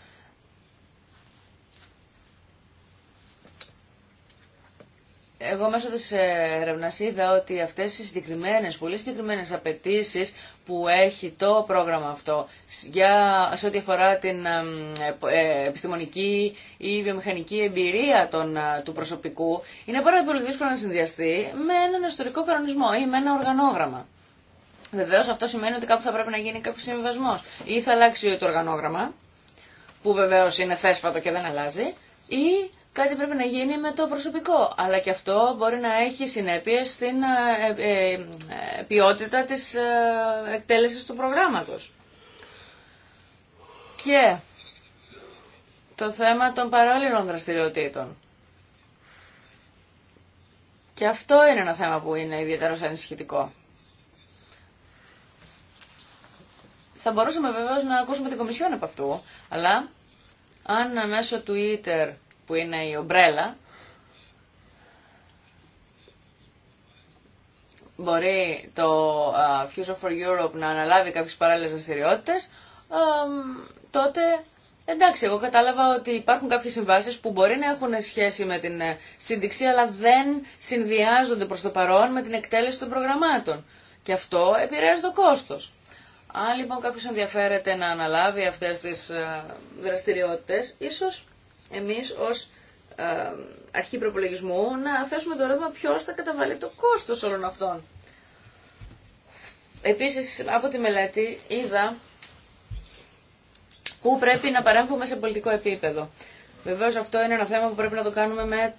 Εγώ μέσω της ε, έρευνα είδα ότι αυτές οι συγκεκριμένε, πολύ συγκεκριμένε απαιτήσει που έχει το πρόγραμμα αυτό για, σε ό,τι αφορά την ε, ε, επιστημονική ή βιομηχανική εμπειρία των, του προσωπικού είναι πάρα πολύ δύσκολο να συνδυαστεί με έναν ιστορικό κανονισμό ή με ένα οργανόγραμμα. Βεβαίω αυτό σημαίνει ότι κάπου θα πρέπει να γίνει κάποιο συμβιβασμό. Ή θα αλλάξει το οργανόγραμμα, που βεβαίω είναι θέσπατο και δεν αλλάζει, ή κάτι πρέπει να γίνει με το προσωπικό. Αλλά και αυτό μπορεί να έχει συνέπειες στην ε, ε, ε, ποιότητα της εκτέλεσης του προγράμματος. Και το θέμα των παράλληλων δραστηριοτήτων. Και αυτό είναι ένα θέμα που είναι ιδιαίτερα ανησυχητικό. Θα μπορούσαμε βεβαίω να ακούσουμε την Κομισιόν από αυτού, αλλά αν μέσω Twitter που είναι η ομπρέλα, μπορεί το Fusion for Europe να αναλάβει κάποιες παράλληλες δραστηριότητε, τότε εντάξει, εγώ κατάλαβα ότι υπάρχουν κάποιες συμβάσεις που μπορεί να έχουν σχέση με την ε, σύνδεξή αλλά δεν συνδυάζονται προς το παρόν με την εκτέλεση των προγραμμάτων. Και αυτό επηρεάζει το κόστος. Αν λοιπόν κάποιος ενδιαφέρεται να αναλάβει αυτές τις ε, δραστηριότητες, ίσως εμείς ως ε, αρχή προπολογισμού να θέσουμε το ερώτημα ποιος θα καταβάλει το κόστος όλων αυτών. Επίσης από τη μελέτη είδα που πρέπει να παρέμβουμε σε πολιτικό επίπεδο. Βεβαίω αυτό είναι ένα θέμα που πρέπει να το, κάνουμε με,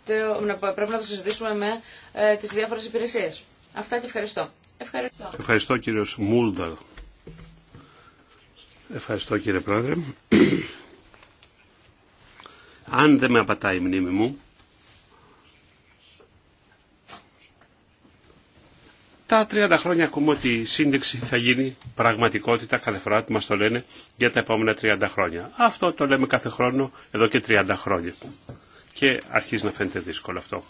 πρέπει να το συζητήσουμε με ε, τις διάφορες υπηρεσίες. Αυτά και ευχαριστώ. Ευχαριστώ. Ευχαριστώ κύριος Μούλδαλ. Ευχαριστώ κύριε Πρόεδρε αν δεν με απατάει η μνήμη μου, τα 30 χρόνια ακούμε ότι η σύνδεξη θα γίνει πραγματικότητα κάθε φορά που μας το λένε για τα επόμενα 30 χρόνια. Αυτό το λέμε κάθε χρόνο εδώ και 30 χρόνια. Και αρχίζει να φαίνεται δύσκολο αυτό.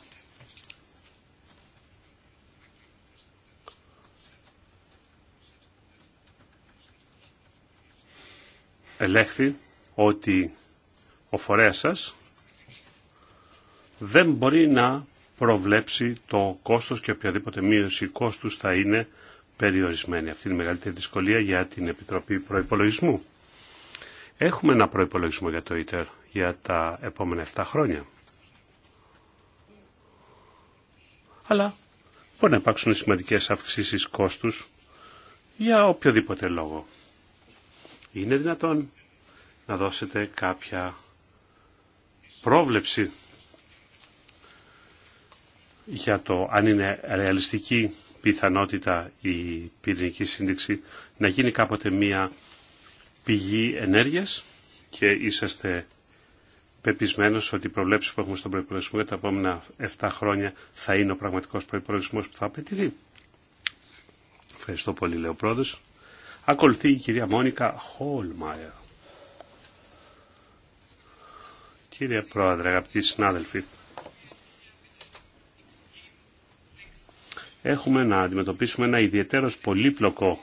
Ελέγχθη ότι ο φορέας σας δεν μπορεί να προβλέψει το κόστος και οποιαδήποτε μείωση κόστους θα είναι περιορισμένη. Αυτή είναι η μεγαλύτερη δυσκολία για την Επιτροπή Προϋπολογισμού. Έχουμε ένα προϋπολογισμό για το ΙΤΕΡ για τα επόμενα 7 χρόνια. Αλλά μπορεί να υπάρξουν σημαντικές αυξήσεις κόστους για οποιοδήποτε λόγο. Είναι δυνατόν να δώσετε κάποια πρόβλεψη για το αν είναι ρεαλιστική πιθανότητα η πυρηνική σύνδεξη να γίνει κάποτε μία πηγή ενέργειας και είσαστε πεπισμένος ότι οι προβλέψει που έχουμε στον προϋπολογισμό για τα επόμενα 7 χρόνια θα είναι ο πραγματικός προϋπολογισμός που θα απαιτηθεί. Ευχαριστώ πολύ, λέει πρόεδρος. Ακολουθεί η κυρία Μόνικα Χόλμαερ. Κύριε Πρόεδρε, αγαπητοί συνάδελφοι, έχουμε να αντιμετωπίσουμε ένα ιδιαίτερος πολύπλοκο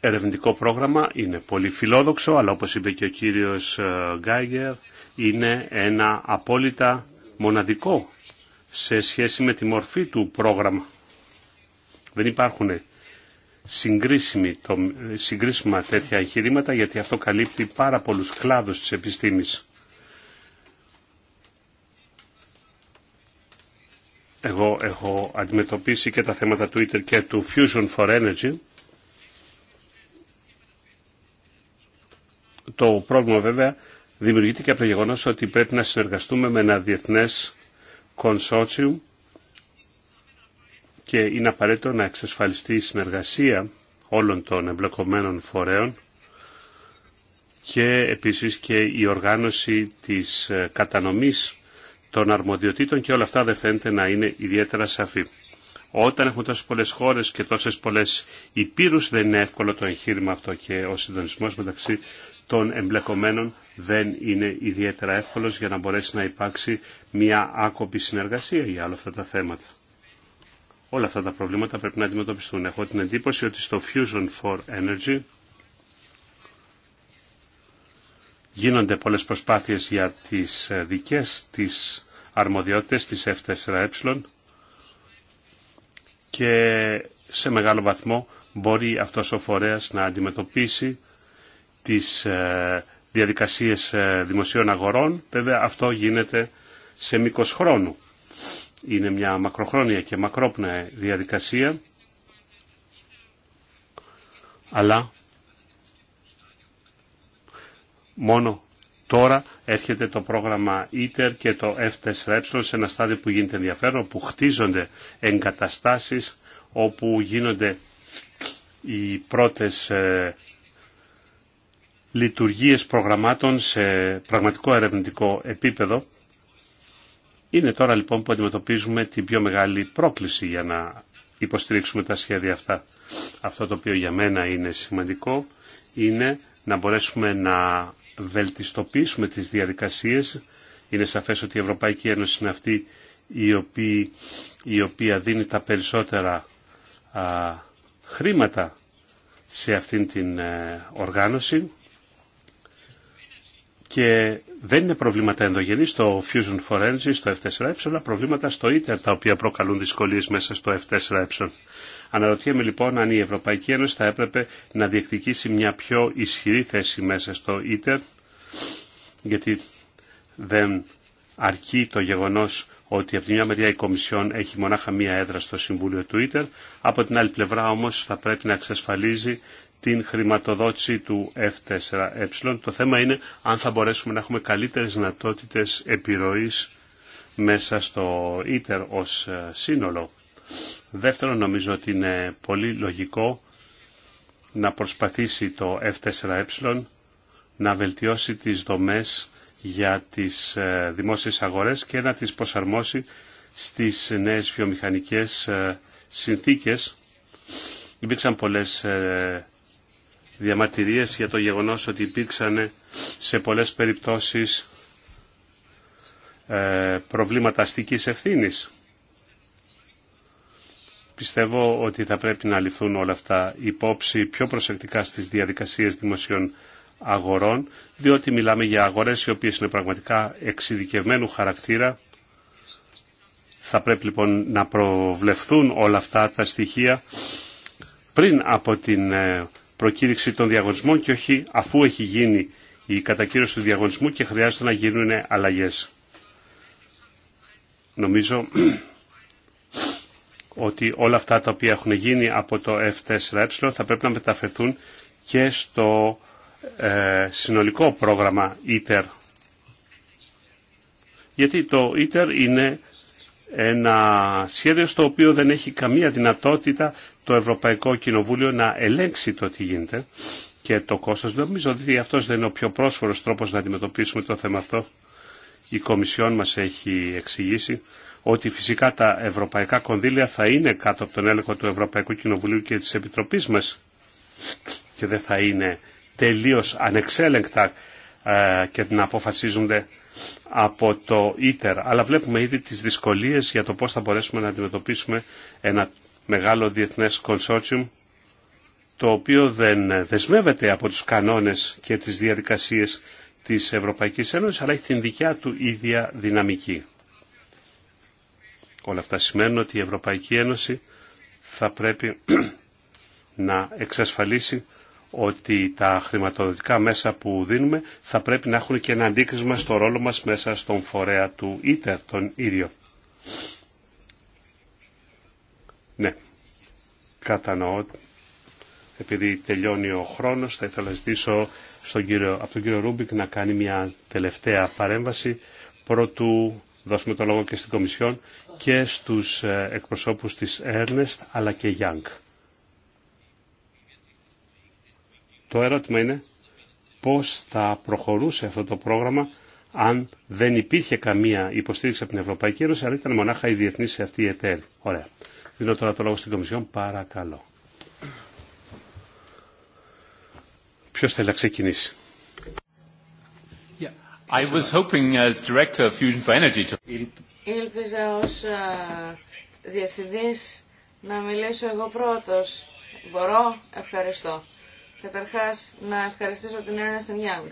ερευνητικό πρόγραμμα. Είναι πολύ φιλόδοξο, αλλά όπως είπε και ο κύριος ε, Γκάιγερ, είναι ένα απόλυτα μοναδικό σε σχέση με τη μορφή του πρόγραμμα. Δεν υπάρχουν συγκρίσιμα τέτοια εγχειρήματα γιατί αυτό καλύπτει πάρα πολλούς κλάδους της επιστήμης. Εγώ έχω αντιμετωπίσει και τα θέματα Twitter και του Fusion for Energy. Το πρόβλημα βέβαια δημιουργείται και από το γεγονός ότι πρέπει να συνεργαστούμε με ένα διεθνές consortium και είναι απαραίτητο να εξασφαλιστεί η συνεργασία όλων των εμπλεκομένων φορέων και επίσης και η οργάνωση της κατανομής των αρμοδιοτήτων και όλα αυτά δεν φαίνεται να είναι ιδιαίτερα σαφή. Όταν έχουμε τόσες πολλές χώρες και τόσες πολλές υπήρους δεν είναι εύκολο το εγχείρημα αυτό και ο συντονισμό μεταξύ των εμπλεκομένων δεν είναι ιδιαίτερα εύκολος για να μπορέσει να υπάρξει μια άκοπη συνεργασία για όλα αυτά τα θέματα. Όλα αυτά τα προβλήματα πρέπει να αντιμετωπιστούν. Έχω την εντύπωση ότι στο Fusion for Energy Γίνονται πολλές προσπάθειες για τις ε, δικές της αρμοδιότητες της F4E ε. και σε μεγάλο βαθμό μπορεί αυτός ο φορέας να αντιμετωπίσει τις ε, διαδικασίες δημοσίων αγορών. Βέβαια αυτό γίνεται σε μήκος χρόνου. Είναι μια μακροχρόνια και μακρόπνοια διαδικασία αλλά μόνο τώρα έρχεται το πρόγραμμα ITER και το f 4 σε ένα στάδιο που γίνεται ενδιαφέρον, που χτίζονται εγκαταστάσεις, όπου γίνονται οι πρώτες ε, λειτουργίες προγραμμάτων σε πραγματικό ερευνητικό επίπεδο. Είναι τώρα λοιπόν που αντιμετωπίζουμε την πιο μεγάλη πρόκληση για να υποστηρίξουμε τα σχέδια αυτά. Αυτό το οποίο για μένα είναι σημαντικό είναι να μπορέσουμε να βελτιστοποιήσουμε τις διαδικασίες. Είναι σαφές ότι η Ευρωπαϊκή Ένωση είναι αυτή η οποία, η οποία δίνει τα περισσότερα χρήματα σε αυτήν την ε, οργάνωση και δεν είναι προβλήματα ενδογενή στο Fusion Forensics, στο F4E, αλλά προβλήματα στο ITER τα οποία προκαλούν δυσκολίες μέσα στο F4E. Αναρωτιέμαι λοιπόν αν η Ευρωπαϊκή Ένωση θα έπρεπε να διεκδικήσει μια πιο ισχυρή θέση μέσα στο ΙΤΕΡ, γιατί δεν αρκεί το γεγονός ότι από τη μια μεριά η Κομισιόν έχει μονάχα μία έδρα στο Συμβούλιο του ΙΤΕΡ, από την άλλη πλευρά όμως θα πρέπει να εξασφαλίζει την χρηματοδότηση του f 4 ε Το θέμα είναι αν θα μπορέσουμε να έχουμε καλύτερες δυνατότητε επιρροής μέσα στο ΙΤΕΡ ως ε, σύνολο. Δεύτερον, νομίζω ότι είναι πολύ λογικό να προσπαθήσει το F4E ε να βελτιώσει τις δομές για τις ε, δημόσιες αγορές και να τις προσαρμόσει στις νέες βιομηχανικές ε, συνθήκες. Υπήρξαν πολλές διαμαρτυρίες για το γεγονός ότι υπήρξαν σε πολλές περιπτώσεις προβλήματα αστικής ευθύνης. Πιστεύω ότι θα πρέπει να ληφθούν όλα αυτά υπόψη πιο προσεκτικά στις διαδικασίες δημοσίων αγορών, διότι μιλάμε για αγορές οι οποίες είναι πραγματικά εξειδικευμένου χαρακτήρα. Θα πρέπει λοιπόν να προβλεφθούν όλα αυτά τα στοιχεία πριν από την ε, προκήρυξη των διαγωνισμών και όχι αφού έχει γίνει η κατακύρωση του διαγωνισμού και χρειάζεται να γίνουν αλλαγές. Νομίζω ότι όλα αυτά τα οποία έχουν γίνει από το F4E ε θα πρέπει να μεταφερθούν και στο ε, συνολικό πρόγραμμα ITER. Γιατί το ITER είναι ένα σχέδιο στο οποίο δεν έχει καμία δυνατότητα το Ευρωπαϊκό Κοινοβούλιο να ελέγξει το τι γίνεται και το κόστος. Νομίζω ότι αυτός δεν είναι ο πιο πρόσφορος τρόπος να αντιμετωπίσουμε το θέμα αυτό. Η Κομισιόν μας έχει εξηγήσει ότι φυσικά τα ευρωπαϊκά κονδύλια θα είναι κάτω από τον έλεγχο του Ευρωπαϊκού Κοινοβουλίου και της Επιτροπής μας και δεν θα είναι τελείως ανεξέλεγκτα ε, και να αποφασίζονται από το ίτερ. Αλλά βλέπουμε ήδη τις δυσκολίες για το πώς θα μπορέσουμε να αντιμετωπίσουμε ένα μεγάλο διεθνές κονσόρτσιουμ το οποίο δεν δεσμεύεται από τους κανόνες και τις διαδικασίες της Ευρωπαϊκής Ένωσης αλλά έχει την δικιά του ίδια δυναμική. Όλα αυτά σημαίνουν ότι η Ευρωπαϊκή Ένωση θα πρέπει να εξασφαλίσει ότι τα χρηματοδοτικά μέσα που δίνουμε θα πρέπει να έχουν και ένα αντίκρισμα στο ρόλο μας μέσα στον φορέα του ΙΤΕΡ τον ίδιο. Ναι, κατανοώ. Επειδή τελειώνει ο χρόνος, θα ήθελα να ζητήσω στον κύριο, από τον κύριο Ρούμπικ να κάνει μια τελευταία παρέμβαση πρώτου δώσουμε το λόγο και στην Κομισιόν και στους ε, εκπροσώπους της Ernest αλλά και Young. Το ερώτημα είναι πώς θα προχωρούσε αυτό το πρόγραμμα αν δεν υπήρχε καμία υποστήριξη από την Ευρωπαϊκή Ένωση, αλλά ήταν μονάχα η διεθνή σε αυτή η εταίρη. Ωραία. Δίνω τώρα το λόγο στην Κομισιόν, παρακαλώ. Ποιος θέλει να ξεκινήσει. I was hoping uh, as Ήλπιζα ως ε, διευθυντής να μιλήσω εγώ πρώτος. Μπορώ, ευχαριστώ. Καταρχάς, να ευχαριστήσω την Ernest Young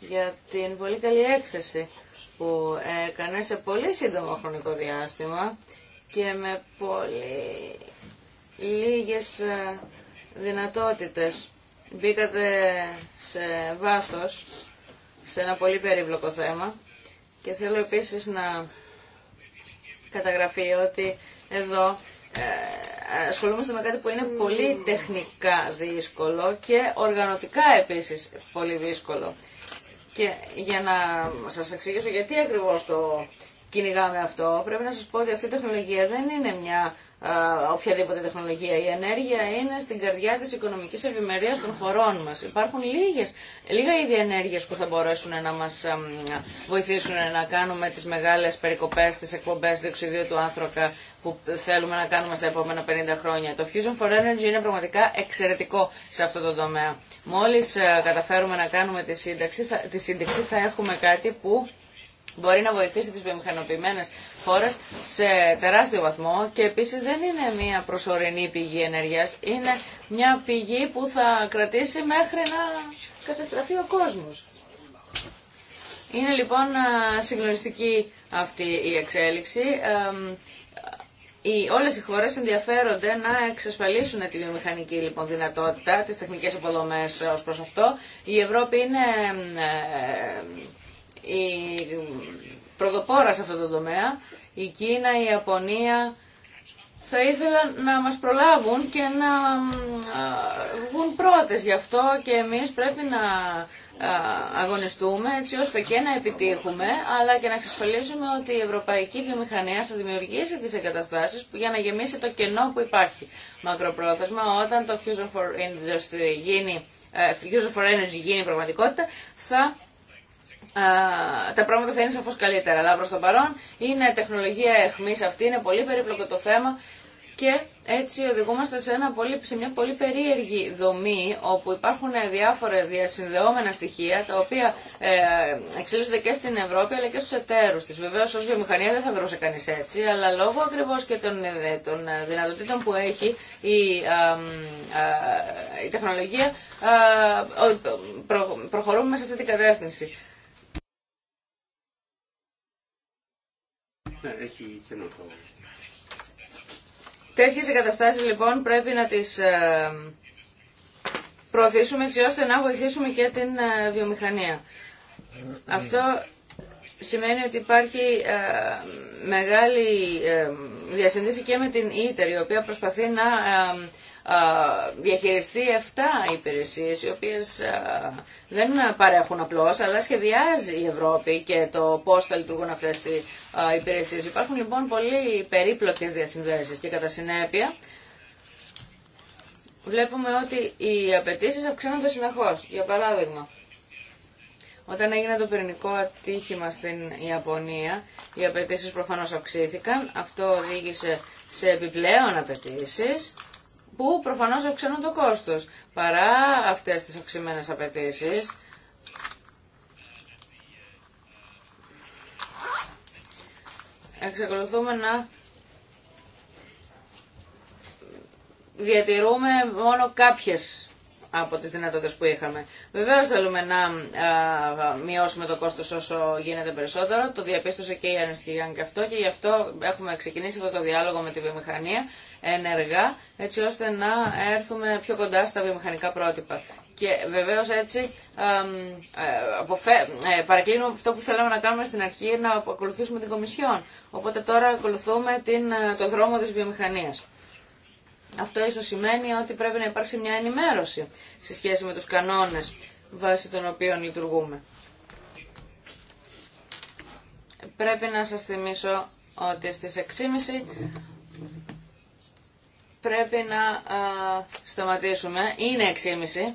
για την πολύ καλή έκθεση που έκανε σε πολύ σύντομο χρονικό διάστημα και με πολύ λίγες ε, δυνατότητες. Μπήκατε σε βάθος σε ένα πολύ περίπλοκο θέμα και θέλω επίσης να καταγραφεί ότι εδώ ε, ασχολούμαστε με κάτι που είναι πολύ τεχνικά δύσκολο και οργανωτικά επίσης πολύ δύσκολο. Και για να σας εξηγήσω γιατί ακριβώς το κυνηγάμε αυτό, πρέπει να σας πω ότι αυτή η τεχνολογία δεν είναι μια οποιαδήποτε τεχνολογία. Η ενέργεια είναι στην καρδιά της οικονομικής ευημερίας των χωρών μας. Υπάρχουν λίγες, λίγα είδη ενέργειες που θα μπορέσουν να μας βοηθήσουν να κάνουμε τις μεγάλες περικοπές, τις εκπομπές διοξιδίου του άνθρακα που θέλουμε να κάνουμε στα επόμενα 50 χρόνια. Το Fusion for Energy είναι πραγματικά εξαιρετικό σε αυτό το τομέα. Μόλις ε, καταφέρουμε να κάνουμε τη σύνταξη, θα, τη θα έχουμε κάτι που μπορεί να βοηθήσει τις βιομηχανοποιημένες χώρες σε τεράστιο βαθμό και επίσης δεν είναι μια προσωρινή πηγή ενέργειας, είναι μια πηγή που θα κρατήσει μέχρι να καταστραφεί ο κόσμος. Είναι λοιπόν συγκλονιστική αυτή η εξέλιξη. Οι, όλες οι χώρες ενδιαφέρονται να εξασφαλίσουν τη βιομηχανική λοιπόν, δυνατότητα, τις τεχνικές αποδομές ως προς αυτό. Η Ευρώπη είναι ε, η πρωτοπόρα σε αυτό το τομέα. Η Κίνα, η Ιαπωνία θα ήθελαν να μας προλάβουν και να βγουν πρώτες. Γι' αυτό και εμείς πρέπει να αγωνιστούμε έτσι ώστε και να επιτύχουμε αλλά και να εξασφαλίσουμε ότι η ευρωπαϊκή βιομηχανία θα δημιουργήσει τις εγκαταστάσεις για να γεμίσει το κενό που υπάρχει μακροπρόθεσμα όταν το Fusion for, Industry γίνει, ε, Fusion for Energy γίνει πραγματικότητα θα τα πράγματα θα είναι σαφω καλύτερα. Αλλά προ το παρόν είναι τεχνολογία έχμη, αυτή, είναι πολύ περίπλοκο το θέμα και έτσι οδηγούμαστε σε, ένα πολύ, σε μια πολύ περίεργη δομή όπου υπάρχουν διάφορα διασυνδεόμενα στοιχεία τα οποία ε, εξελίσσονται και στην Ευρώπη αλλά και στους εταίρους της. Βεβαίως ως βιομηχανία δεν θα βρώσε κανείς έτσι αλλά λόγω ακριβώς και των, ε, των ε, δυνατοτήτων που έχει η, η τεχνολογία προχωρούμε σε αυτή την κατεύθυνση. Ναι, έχει λοιπόν πρέπει να τις ε, προωθήσουμε έτσι ώστε να βοηθήσουμε και την ε, βιομηχανία. Αυτό σημαίνει ότι υπάρχει ε, μεγάλη διασύνδεση και με την Ίτερ, η οποία προσπαθεί να διαχειριστεί 7 υπηρεσίες οι οποίες δεν παρέχουν απλώς αλλά σχεδιάζει η Ευρώπη και το πώς θα λειτουργούν αυτές οι υπηρεσίες. Υπάρχουν λοιπόν πολύ περίπλοκες διασυνδέσεις και κατά συνέπεια βλέπουμε ότι οι απαιτήσει αυξάνονται συνεχώς. Για παράδειγμα, όταν έγινε το πυρηνικό ατύχημα στην Ιαπωνία, οι απαιτήσει προφανώς αυξήθηκαν. Αυτό οδήγησε σε επιπλέον απαιτήσει που προφανώς αυξάνουν το κόστος. Παρά αυτέ τις αυξημένε απαιτήσει. εξακολουθούμε να διατηρούμε μόνο κάποιες από τις δυνατότητες που είχαμε. Βεβαίως θέλουμε να ε, ε, μειώσουμε το κόστος όσο γίνεται περισσότερο. Το διαπίστωσε και η Ανεστιγιάννη και αυτό και γι' αυτό έχουμε ξεκινήσει αυτό το διάλογο με τη βιομηχανία ενεργά έτσι ώστε να έρθουμε πιο κοντά στα βιομηχανικά πρότυπα. Και βεβαίως έτσι ε, παρακλίνουμε αυτό που θέλαμε να κάνουμε στην αρχή να ακολουθήσουμε την Κομισιόν. Οπότε τώρα ακολουθούμε το δρόμο της βιομηχανίας. Αυτό ίσως σημαίνει ότι πρέπει να υπάρξει μια ενημέρωση σε σχέση με τους κανόνες βάσει των οποίων λειτουργούμε. Πρέπει να σας θυμίσω ότι στις 6.30 πρέπει να σταματήσουμε. Είναι 6.30.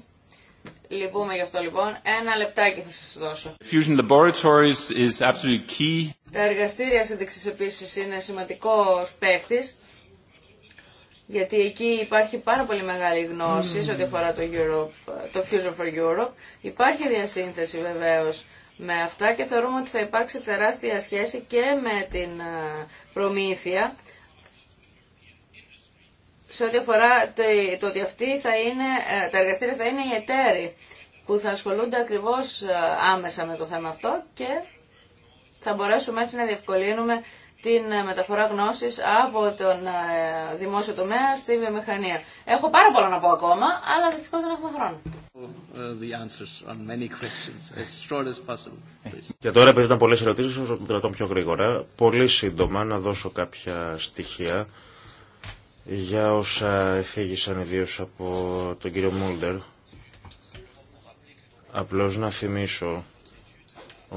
Λυπούμε γι' αυτό λοιπόν. Ένα λεπτάκι θα σας δώσω. Fusion Laboratories is key. Τα εργαστήρια σύνδεξης επίσης είναι σημαντικός παίκτης γιατί εκεί υπάρχει πάρα πολύ μεγάλη γνώση σε ό,τι mm. αφορά το, Europe, το Fusion for Europe. Υπάρχει διασύνθεση βεβαίως με αυτά και θεωρούμε ότι θα υπάρξει τεράστια σχέση και με την ε, προμήθεια σε ό,τι αφορά το, ότι θα είναι, ε, τα εργαστήρια θα είναι οι εταίροι που θα ασχολούνται ακριβώς ε, άμεσα με το θέμα αυτό και θα μπορέσουμε έτσι να διευκολύνουμε την ε, μεταφορά γνώση από τον ε, δημόσιο τομέα στη βιομηχανία. Έχω πάρα πολλά να πω ακόμα, αλλά δυστυχώς δεν έχουμε χρόνο. Και τώρα, επειδή ήταν πολλές ερωτήσεις, όσο κρατώ πιο γρήγορα, πολύ σύντομα να δώσω κάποια στοιχεία για όσα εφήγησαν ιδίω από τον κύριο Μούλτερ. Απλώς να θυμίσω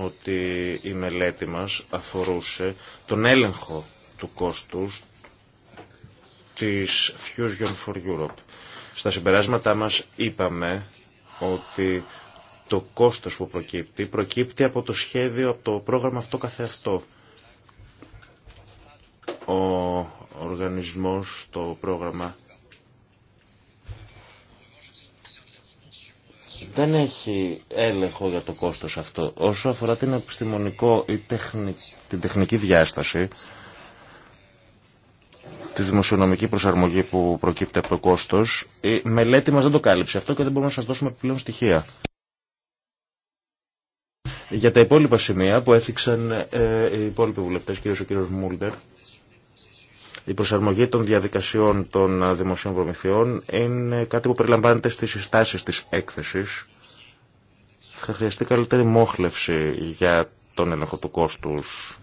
ότι η μελέτη μας αφορούσε τον έλεγχο του κόστους της Fusion for Europe. Στα συμπεράσματά μας είπαμε ότι το κόστος που προκύπτει, προκύπτει από το σχέδιο, από το πρόγραμμα αυτό καθεαυτό. Ο οργανισμός, το πρόγραμμα δεν έχει έλεγχο για το κόστος αυτό. Όσο αφορά την επιστημονικό ή την τεχνική διάσταση, τη δημοσιονομική προσαρμογή που προκύπτει από το κόστος, η μελέτη μας δεν το κάλυψε αυτό και δεν μπορούμε να σας δώσουμε επιπλέον στοιχεία. Για τα υπόλοιπα σημεία που έθιξαν ε, οι υπόλοιποι βουλευτές, κυρίως ο κύριος Μούλτερ, η προσαρμογή των διαδικασιών των δημοσίων προμηθειών είναι κάτι που περιλαμβάνεται στις συστάσεις της έκθεσης. Θα χρειαστεί καλύτερη μόχλευση για τον έλεγχο του κόστους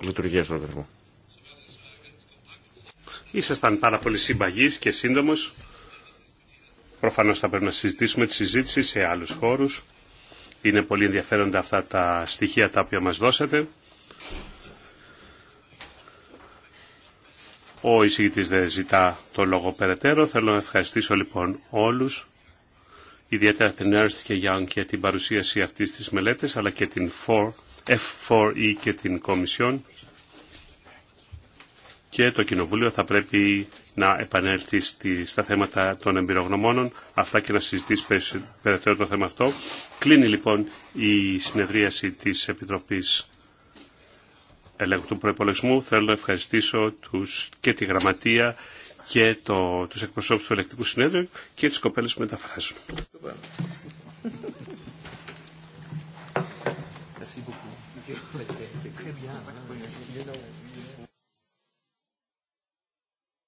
λειτουργίας του οργανισμού. Ήσασταν πάρα πολύ συμπαγείς και σύντομος. Προφανώς θα πρέπει να συζητήσουμε τη συζήτηση σε άλλους χώρους. Είναι πολύ ενδιαφέροντα αυτά τα στοιχεία τα οποία μας δώσατε. Ο εισηγητής δεν ζητά το λόγο περαιτέρω. Θέλω να ευχαριστήσω λοιπόν όλους, ιδιαίτερα την Earth και Young για την παρουσίαση αυτής της μελέτης, αλλά και την F4E και την Κομισιόν. Και το Κοινοβούλιο θα πρέπει να επανέλθει στα θέματα των εμπειρογνωμόνων, αυτά και να συζητήσει περαιτέρω το θέμα αυτό. Κλείνει λοιπόν η συνεδρίαση της Επιτροπής ελέγχου του προπολογισμού. Θέλω να ευχαριστήσω τους, και τη γραμματεία και το, τους εκπροσώπους του Ελεκτικού Συνέδριου και τις κοπέλες που μεταφράζουν.